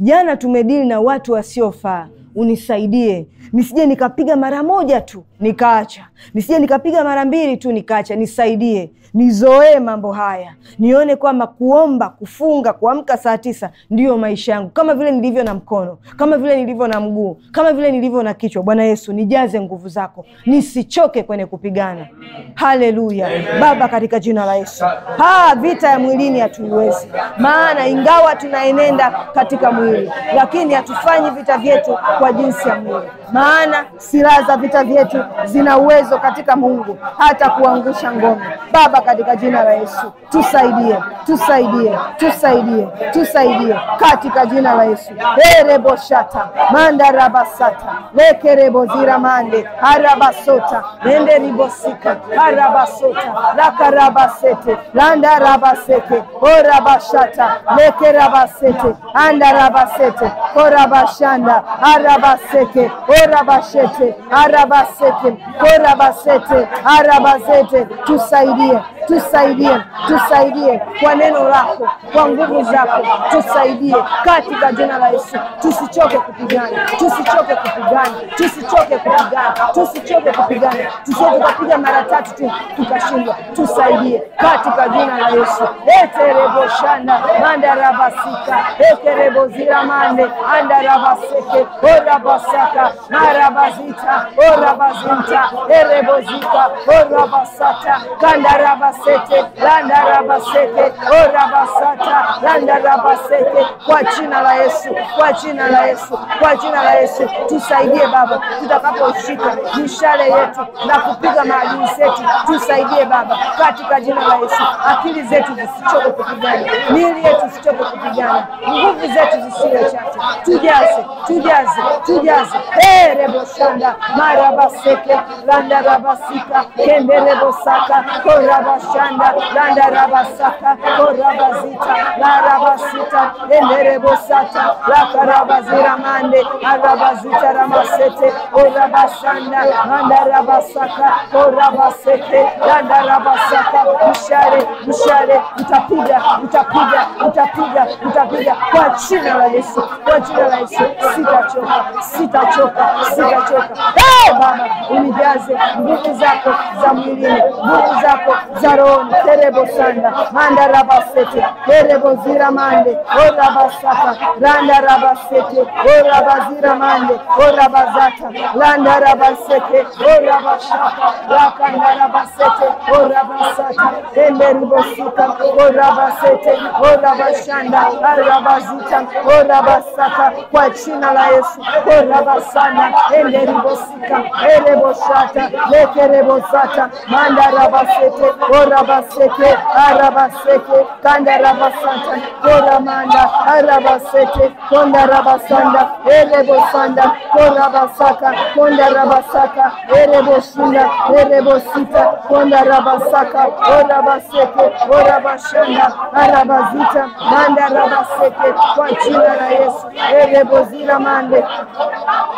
jana tumedili na watu wasiofaa. Unisaidie nisije nikapiga mara moja tu nikaacha, nisije nikapiga mara mbili tu nikaacha. Nisaidie nizoee mambo haya, nione kwamba kuomba, kufunga, kuamka saa tisa ndiyo maisha yangu, kama vile nilivyo na mkono, kama vile nilivyo na mguu, kama vile nilivyo na kichwa. Bwana Yesu, nijaze nguvu zako, nisichoke kwenye kupigana. Haleluya Baba, katika jina la Yesu. Ha, vita ya mwilini hatuiwezi, maana ingawa tunaenenda katika mwili, lakini hatufanyi vita vyetu kwa jinsi ya mwili maana silaha za vita vyetu zina uwezo katika Mungu hata kuangusha ngome. Baba, katika jina la Yesu tusaidie, tusaidie, tusaidie, tusaidie katika jina la Yesu. ereboshata mandarabasata lekerebozira harabasota nende ribosika harabasota lakarabasete landarabasete orabashata lekerabasete andarabasete korabashanda harabaseke korabashete arabasete korabasete arabasete. Tusaidie, tusaidie, tusaidie kwa neno lako, kwa nguvu zako, tusaidie katika jina la Yesu. Tusichoke kupigana, tusichoke kupigana, tusichoke kupigana, tusichoke kupigana, tusichoke kupiga mara tatu tu tukashindwa. Tusaidie katika jina la Yesu. etereboshana mandarabasika ekerebozira mane andarabaseke orabasaka marabazita orabazita erebozita orabasata kandarabasete landarabasete orabasata landarabasete. Kwa jina la Yesu, kwa jina la Yesu, kwa jina la Yesu tusaidie Baba, tutakaposhika mishale yetu na kupiga maadui zetu, tusaidie Baba katika jina la Yesu, akili zetu zisichoke kupigana, miili yetu isichoke kupigana, nguvu zetu zisiwe chache, tujaze tujaze tujaze. Kerebosanda, Marabaseke, Randa Rabasika, Kenderebosaka, Korabashanda, Randa Rabasaka, utapiga, utapiga, utapiga, utapiga, kwa jina la Yesu, kwa jina la Yesu, sitachoka, sitachoka sitachoka. Baba, unijaze nguvu zako za mwilini, nguvu zako za rohoni. terebo sanda manda rabasete terebo zira mande orabasaka oh, randa rabasete orabazira oh, mande orabazata oh, randa rabasete orabasaka rakanda rabasete orabasata emberibosuka orabasete orabashanda arabazita orabasaka kwa jina la Yesu orabasanda Mana Eleribosika Erebosata Lekerebosata Manda Rabasete Orabasete Arabasete Kanda Rabasanta Koramanda Arabasete Konda Rabasanda Erebosanda Korabasaka Konda Rabasaka Erebosunda Erebosita Konda Rabasaka Orabasete Orabashanda Arabazita Manda Rabasete Kwa jina la Yesu Erebozira mande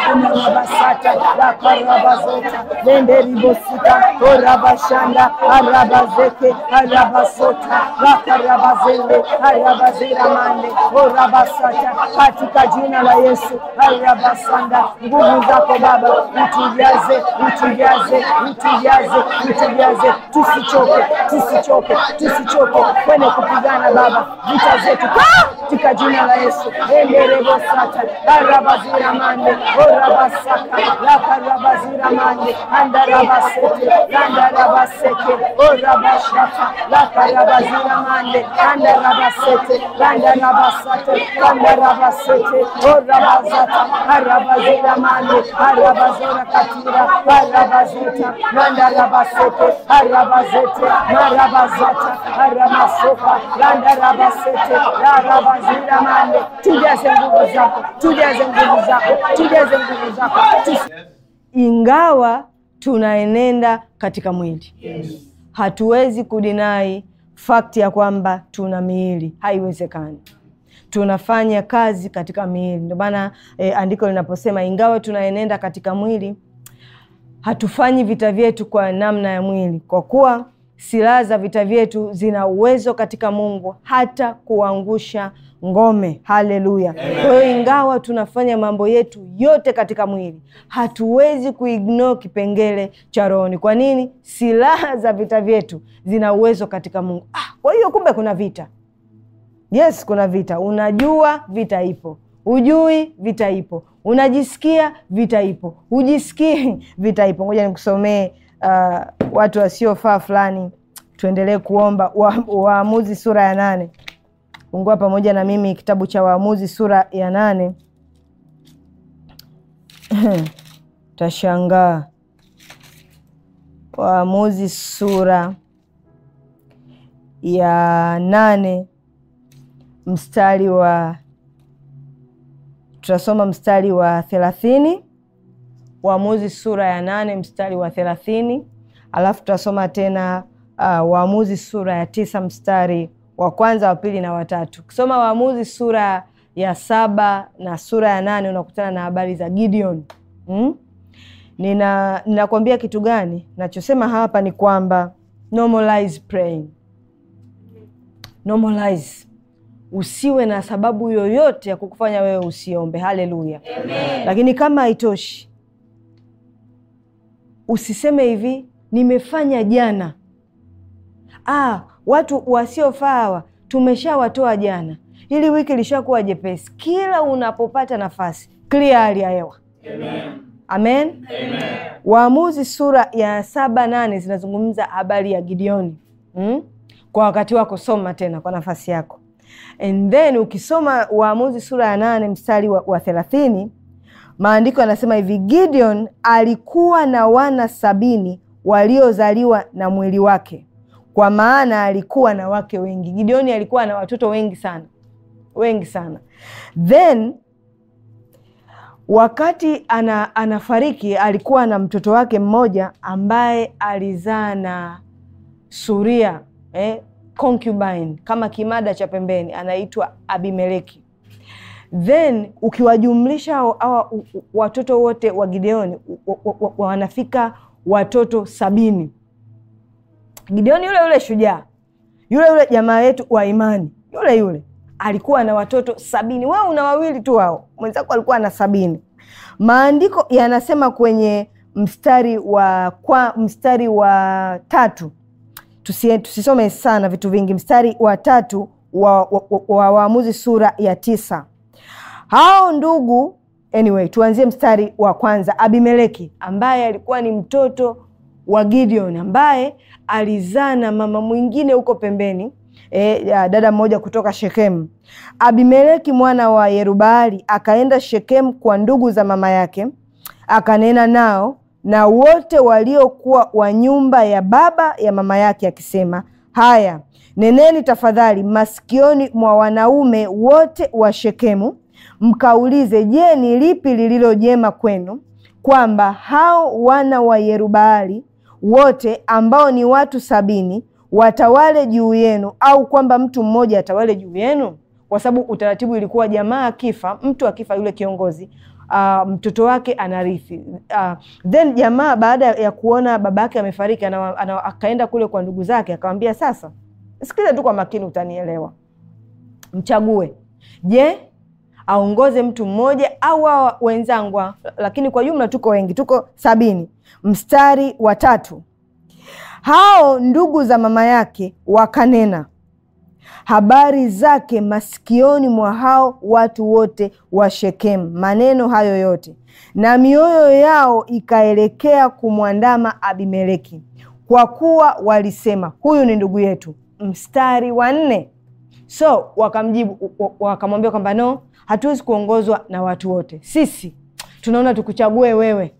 Amen. rabasata rakarabazeta lenderibosika orabashanda arabazeke arabasota rakarabazende arabaziramande orabasata katika jina la Yesu arabasanda nguvu zako Baba utujaze utujaze utujaze utujaze tusichoke tusichoke tusichoke kwene kupigana Baba vita zetu katika jina la Yesu enderebosata arabaziramande orabasata rabasaka lakarabazira mande kandarabaseke kandarabaseke rabasete, lakarabazira rabasete, kandarabasete kandarabasate kandarabasete orabazata harabazira mande harabazora katira harabazita kandarabasete harabazete marabazata harabasoka kandarabasete larabazira mande tujeze nguvu zako tujeze nguvu zako tujeze nguvu ingawa tunaenenda katika mwili yes. Hatuwezi kudinai fakti ya kwamba tuna miili, haiwezekani. Tunafanya kazi katika miili, ndio maana e, andiko linaposema ingawa tunaenenda katika mwili, hatufanyi vita vyetu kwa namna ya mwili, kwa kuwa silaha za vita vyetu zina uwezo katika Mungu hata kuangusha ngome. Haleluya! Kwa hiyo ingawa tunafanya mambo yetu yote katika mwili, hatuwezi kuignore kipengele cha rohoni. Kwa nini? Silaha za vita vyetu zina uwezo katika Mungu. Ah, kwa hiyo kumbe kuna vita. Yes, kuna vita. Unajua vita ipo, hujui vita ipo, unajisikia vita ipo, hujisikii vita ipo. Ngoja nikusomee uh, watu wasiofaa fulani. Tuendelee kuomba. Wa, Waamuzi sura ya nane, ungua pamoja na mimi kitabu cha Waamuzi sura ya nane. (clears throat) Tashangaa. Waamuzi sura ya nane mstari wa tutasoma mstari wa thelathini. Waamuzi sura ya nane mstari wa thelathini alafu tutasoma tena uh, Waamuzi sura ya tisa mstari wa kwanza wa pili na watatu. Ukisoma Waamuzi sura ya saba na sura ya nane unakutana na habari za Gideon hmm? Nina ninakwambia kitu gani? Nachosema hapa ni kwamba normalize praying. Normalize. Usiwe na sababu yoyote ya kukufanya wewe usiombe. Haleluya, amen. Lakini kama haitoshi, usiseme hivi nimefanya jana. Ah, watu wasiofaa hawa tumeshawatoa jana, ili wiki lishakuwa jepesi. Kila unapopata nafasi, clear hali ya hewa. Amen. Amen. Amen. Waamuzi sura ya saba nane zinazungumza habari ya Gideoni hmm? Kwa wakati wako soma tena kwa nafasi yako, and then ukisoma Waamuzi sura ya nane mstari wa, wa thelathini maandiko yanasema hivi: Gideon alikuwa na wana sabini waliozaliwa na mwili wake, kwa maana alikuwa na wake wengi. Gideoni alikuwa na watoto wengi sana, wengi sana. Then wakati ana, anafariki alikuwa na mtoto wake mmoja ambaye alizaa na suria eh, concubine kama kimada cha pembeni anaitwa Abimeleki. Then ukiwajumlisha hawa watoto wote wa Gideoni wanafika watoto sabini. Gideoni yule yule shujaa yule yule jamaa yetu wa imani yule yule alikuwa na watoto sabini. Wewe una wawili tu, hao mwenzako alikuwa na sabini. Maandiko yanasema kwenye mstari wa kwa mstari wa tatu, tusie, tusisome sana vitu vingi. Mstari wa tatu wa Waamuzi wa, wa, wa sura ya tisa, hao ndugu Anyway, tuanzie mstari wa kwanza. Abimeleki ambaye alikuwa ni mtoto wa Gideon ambaye alizaa na mama mwingine huko pembeni e, dada mmoja kutoka Shekemu. Abimeleki mwana wa Yerubaali akaenda Shekemu kwa ndugu za mama yake, akanena nao na wote waliokuwa wa nyumba ya baba ya mama yake, akisema haya, neneni tafadhali masikioni mwa wanaume wote wa Shekemu mkaulize, je, ni lipi lililo jema kwenu, kwamba hao wana wa Yerubaali wote ambao ni watu sabini watawale juu yenu, au kwamba mtu mmoja atawale juu yenu? Kwa sababu utaratibu ilikuwa jamaa akifa, mtu akifa yule kiongozi Uh, mtoto wake anarithi. Uh, then jamaa baada ya kuona babake amefariki, akaenda kule kwa ndugu zake, akamwambia sasa, sikiliza tu kwa makini, utanielewa, mchague. Je, aongoze mtu mmoja au a wenzangu, lakini kwa jumla tuko wengi, tuko sabini. Mstari wa tatu, hao ndugu za mama yake wakanena habari zake masikioni mwa hao watu wote wa Shekemu maneno hayo yote, na mioyo yao ikaelekea kumwandama Abimeleki, kwa kuwa walisema huyu ni ndugu yetu. Mstari wa nne, so wakamjibu wakamwambia kwamba no, Hatuwezi kuongozwa na watu wote. Sisi tunaona tukuchague wewe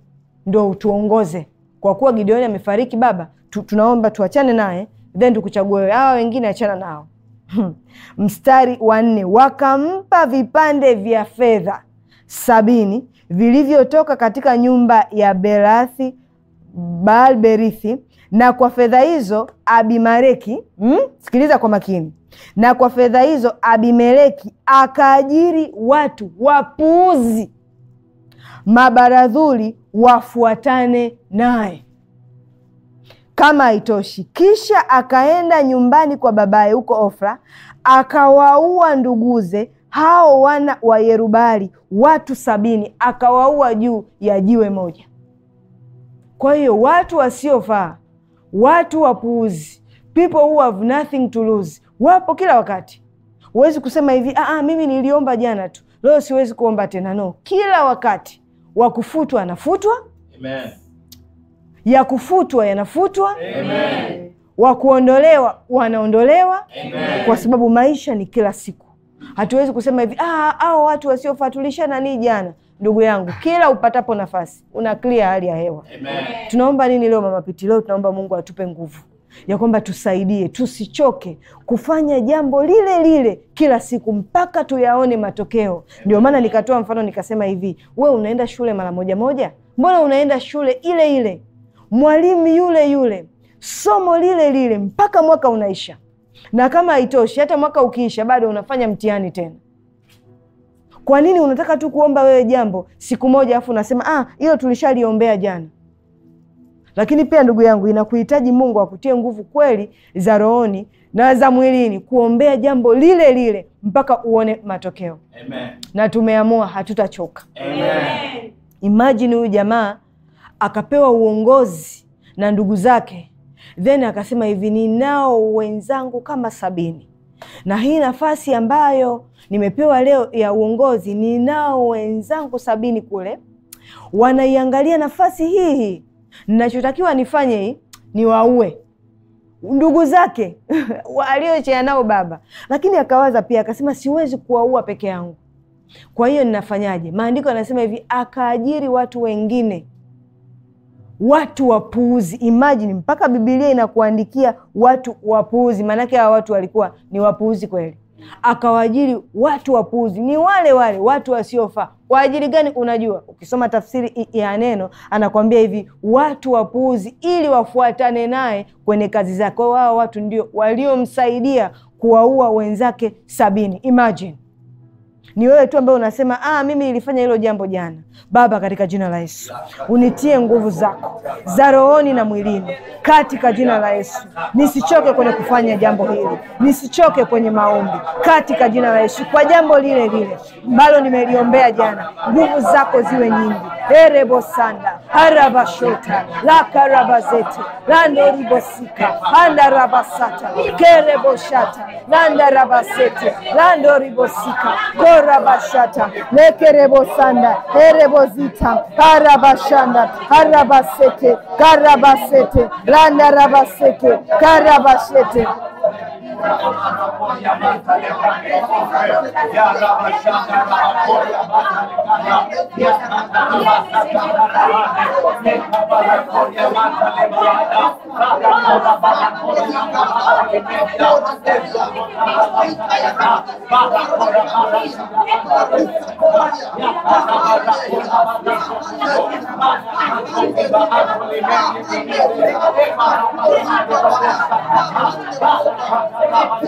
ndo utuongoze, kwa kuwa Gideoni amefariki baba tu, tunaomba tuachane naye then tukuchague wewe, hawa wengine achana nao. Hmm. Mstari wa nne, wakampa vipande vya fedha sabini vilivyotoka katika nyumba ya Berathi Baalberithi, na kwa fedha hizo Abimareki mm, sikiliza kwa makini na kwa fedha hizo Abimeleki akaajiri watu wapuuzi mabaradhuli wafuatane naye. Kama haitoshi, kisha akaenda nyumbani kwa babaye huko Ofra, akawaua nduguze hao wana wa Yerubali, watu sabini, akawaua juu ya jiwe moja. Kwa hiyo watu wasiofaa, watu wapuuzi, people who have nothing to lose wapo kila wakati. Huwezi kusema hivi ah, ah, mimi niliomba jana tu, leo siwezi kuomba tena. No, kila wakati wa kufutwa anafutwa. Amen. Ya kufutwa yanafutwa. Amen. Wa kuondolewa wanaondolewa. Amen. Kwa sababu maisha ni kila siku. Hatuwezi kusema hivi ah, au ah, watu wasiofatulishana ni jana. Ndugu yangu, kila upatapo nafasi una clear hali ya hewa. Amen. Tunaomba nini leo, Mama Piti? Leo tunaomba Mungu atupe nguvu ya kwamba tusaidie, tusichoke kufanya jambo lile lile kila siku mpaka tuyaone matokeo. Ndio maana nikatoa mfano nikasema hivi, we unaenda shule mara moja moja, mbona unaenda shule ile ile, mwalimu yule yule, somo lile lile mpaka mwaka unaisha? Na kama haitoshi, hata mwaka ukiisha bado unafanya mtihani tena. Kwa nini unataka tu kuomba wewe jambo siku moja, afu unasema ah, hilo tulishaliombea jana lakini pia ndugu yangu, inakuhitaji Mungu akutie nguvu kweli za rohoni na za mwilini kuombea jambo lile lile mpaka uone matokeo Amen. Na tumeamua hatutachoka Amen. Imagine huyu jamaa akapewa uongozi na ndugu zake, then akasema hivi, ninao wenzangu kama sabini na hii nafasi ambayo nimepewa leo ya uongozi, ninao wenzangu sabini kule wanaiangalia nafasi hii hii nachotakiwa nifanye ni waue ndugu zake (laughs) aliochea nao baba, lakini akawaza pia akasema, siwezi kuwaua peke yangu. Kwa hiyo ninafanyaje? Maandiko yanasema hivi, akaajiri watu wengine, watu wapuuzi. Imajini, mpaka Bibilia inakuandikia watu wapuuzi. Maanake hawa watu walikuwa ni wapuuzi kweli akawaajiri watu wapuuzi, ni wale wale watu wasiofaa. Waajiri gani? Unajua, ukisoma tafsiri ya neno anakwambia hivi, watu wapuuzi, ili wafuatane naye kwenye kazi zake. Wao watu ndio waliomsaidia kuwaua wenzake sabini. Imagine. Ni wewe tu ambaye unasema ah, mimi nilifanya hilo jambo jana. Baba, katika jina la Yesu unitie nguvu zako za rohoni na mwilini, katika jina la Yesu nisichoke kwenye kufanya jambo hili, nisichoke kwenye maombi, katika jina la Yesu. Kwa jambo lile lile ambalo nimeliombea jana, nguvu zako ziwe nyingi erebosanda harabashota lakarabazete landoribosika handarabasata kereboshata landarabasete landoribosika korabashata lekerebosanda erebozita harabashanda harabasete karabasete landarabaseke karabashete يا ماتا يا رب الشهر يا ماتا يا ماتا يا ماتا يا ماتا يا Yes,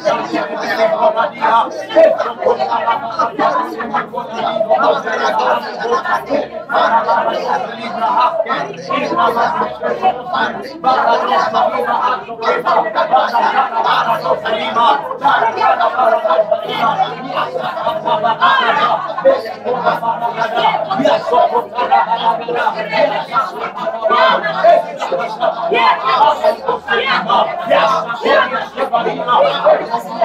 yes, yes, yes, Yeah.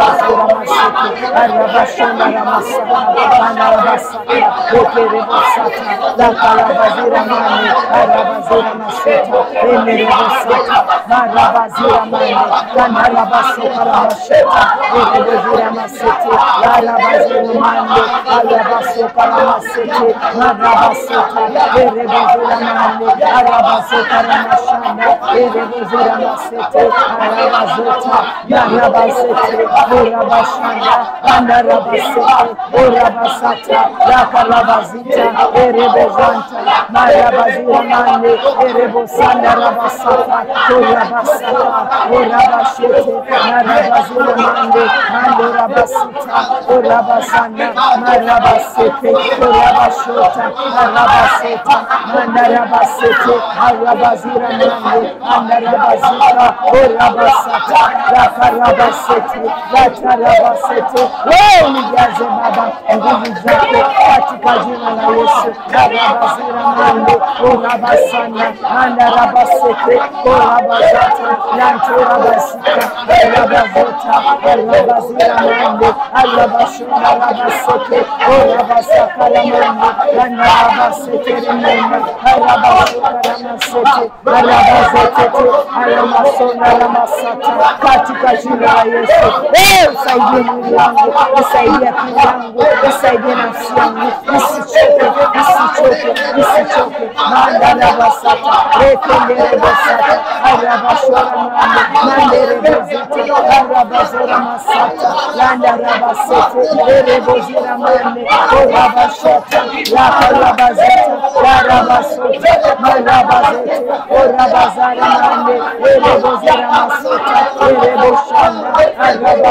Arabashana Ramasa, Anarabasa, Okerebasa, Lakarabazira Mani, Arabazira Maseta, Emerebasa, Marabazira Mani, Kanarabasa Karamasheta, Erebazira Masete, Arabazira Mani, Arabasa Karamasete, Marabaseta, Erebazira Mani, Arabasa Karamashana, Erebazira Masete, Arabazota, Marabasete, Urabasanda, Andarabasita, Urabasata, Rakarabazita, Erebozanta, Marabaziranande, Erebosanda Rabasata, Urabasata, Urabashete, Marabaziranande, Mandorabasita, Urabasanda, Marabasete, Urabashota, Marabaseta, Mandarabasete, Arabaziranande, Andarabazita, Urabasata, Rakarabasete, Rakarabasete, wewe unijaze Baba nguvu zako katika jina la Yesu. Rabazira mando orabasana mandarabasete orabazata yantorabasika orabazota orabazira mando alabashona rabasete orabasakaramando mandarabasete remendo arabasokaramasete arabazetete aramasona ramasata katika jina la Yesu. Saye mou yango, saye mou yango, saye nasyon, misi choke, misi choke, misi choke, manda rabasata, rekende rebasata, arabashora arabazora masata, landa erebozira mande, orabashota, laka larabasote, marabazete, orabazara mande, erebozira masota, ereboshanda, arabazete,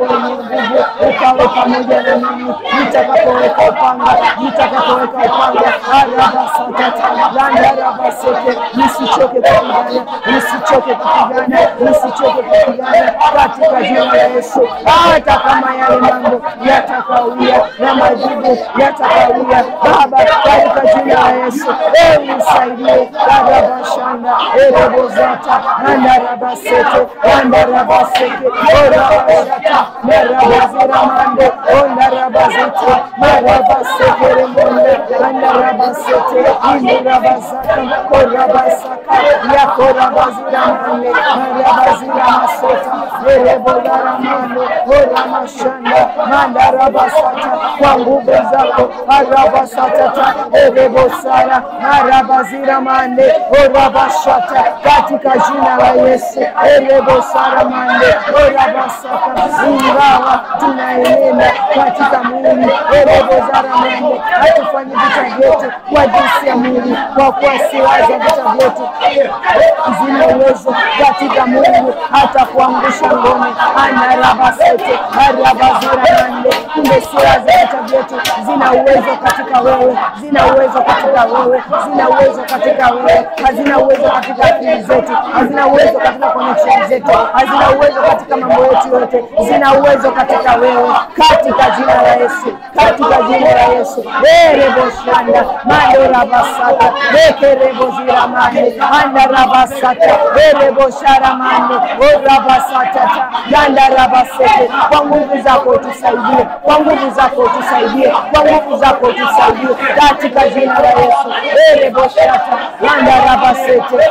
wenye nguvu, ukawe pamoja na mimi nitakapoweka upanga, nitakapoweka upanga arabasataaaabaseke, nisichoke kupigana, nisichoke kupigana, nisichoke kupigana katika jina la Yesu. Hata kama yale mambo yatakawia na majibu yatakawia, Baba, katika jina la Yesu, ewe nisaidie arabashanda erebozata andarabaseke andarabaseke orabashata merhaba ziramande o merhaba zeti merhaba sekerim bonde merhaba seti merhaba sakın koraba sakın ya koraba ziramande merhaba zirama seti merhaba daramande korama şende merhaba sata kwangu bezako merhaba satata eve bosara merhaba ziramande koraba şata katika jina la Yesu eve bosara mande koraba sakın ingawa tunaenenda katika mwili za mambo, atufanye vita vyetu kwa jinsi ya mwili, kwa kuwa silaha za vita vyetu zina uwezo katika Mungu hata kuangusha ngome. anarabasete ariabaziramande kumbe silaha za vita vyetu zina uwezo katika wewe, zina uwezo katika wewe, zina uwezo katika wewe, hazina uwezo katika akili zetu, hazina uwezo katika connection zetu, hazina uwezo katika mambo yetu yote, zina na uwezo katika wewe, katika jina la Yesu, katika jina la Yesu ereboshanda mandorabasata ekereboziramane andarabasata erebosharamane orabasatata yandarabasete. Kwa nguvu zako tusaidie, kwa nguvu zako tusaidie, kwa nguvu zako tusaidie, katika jina la Yesu ereboshata yandarabasete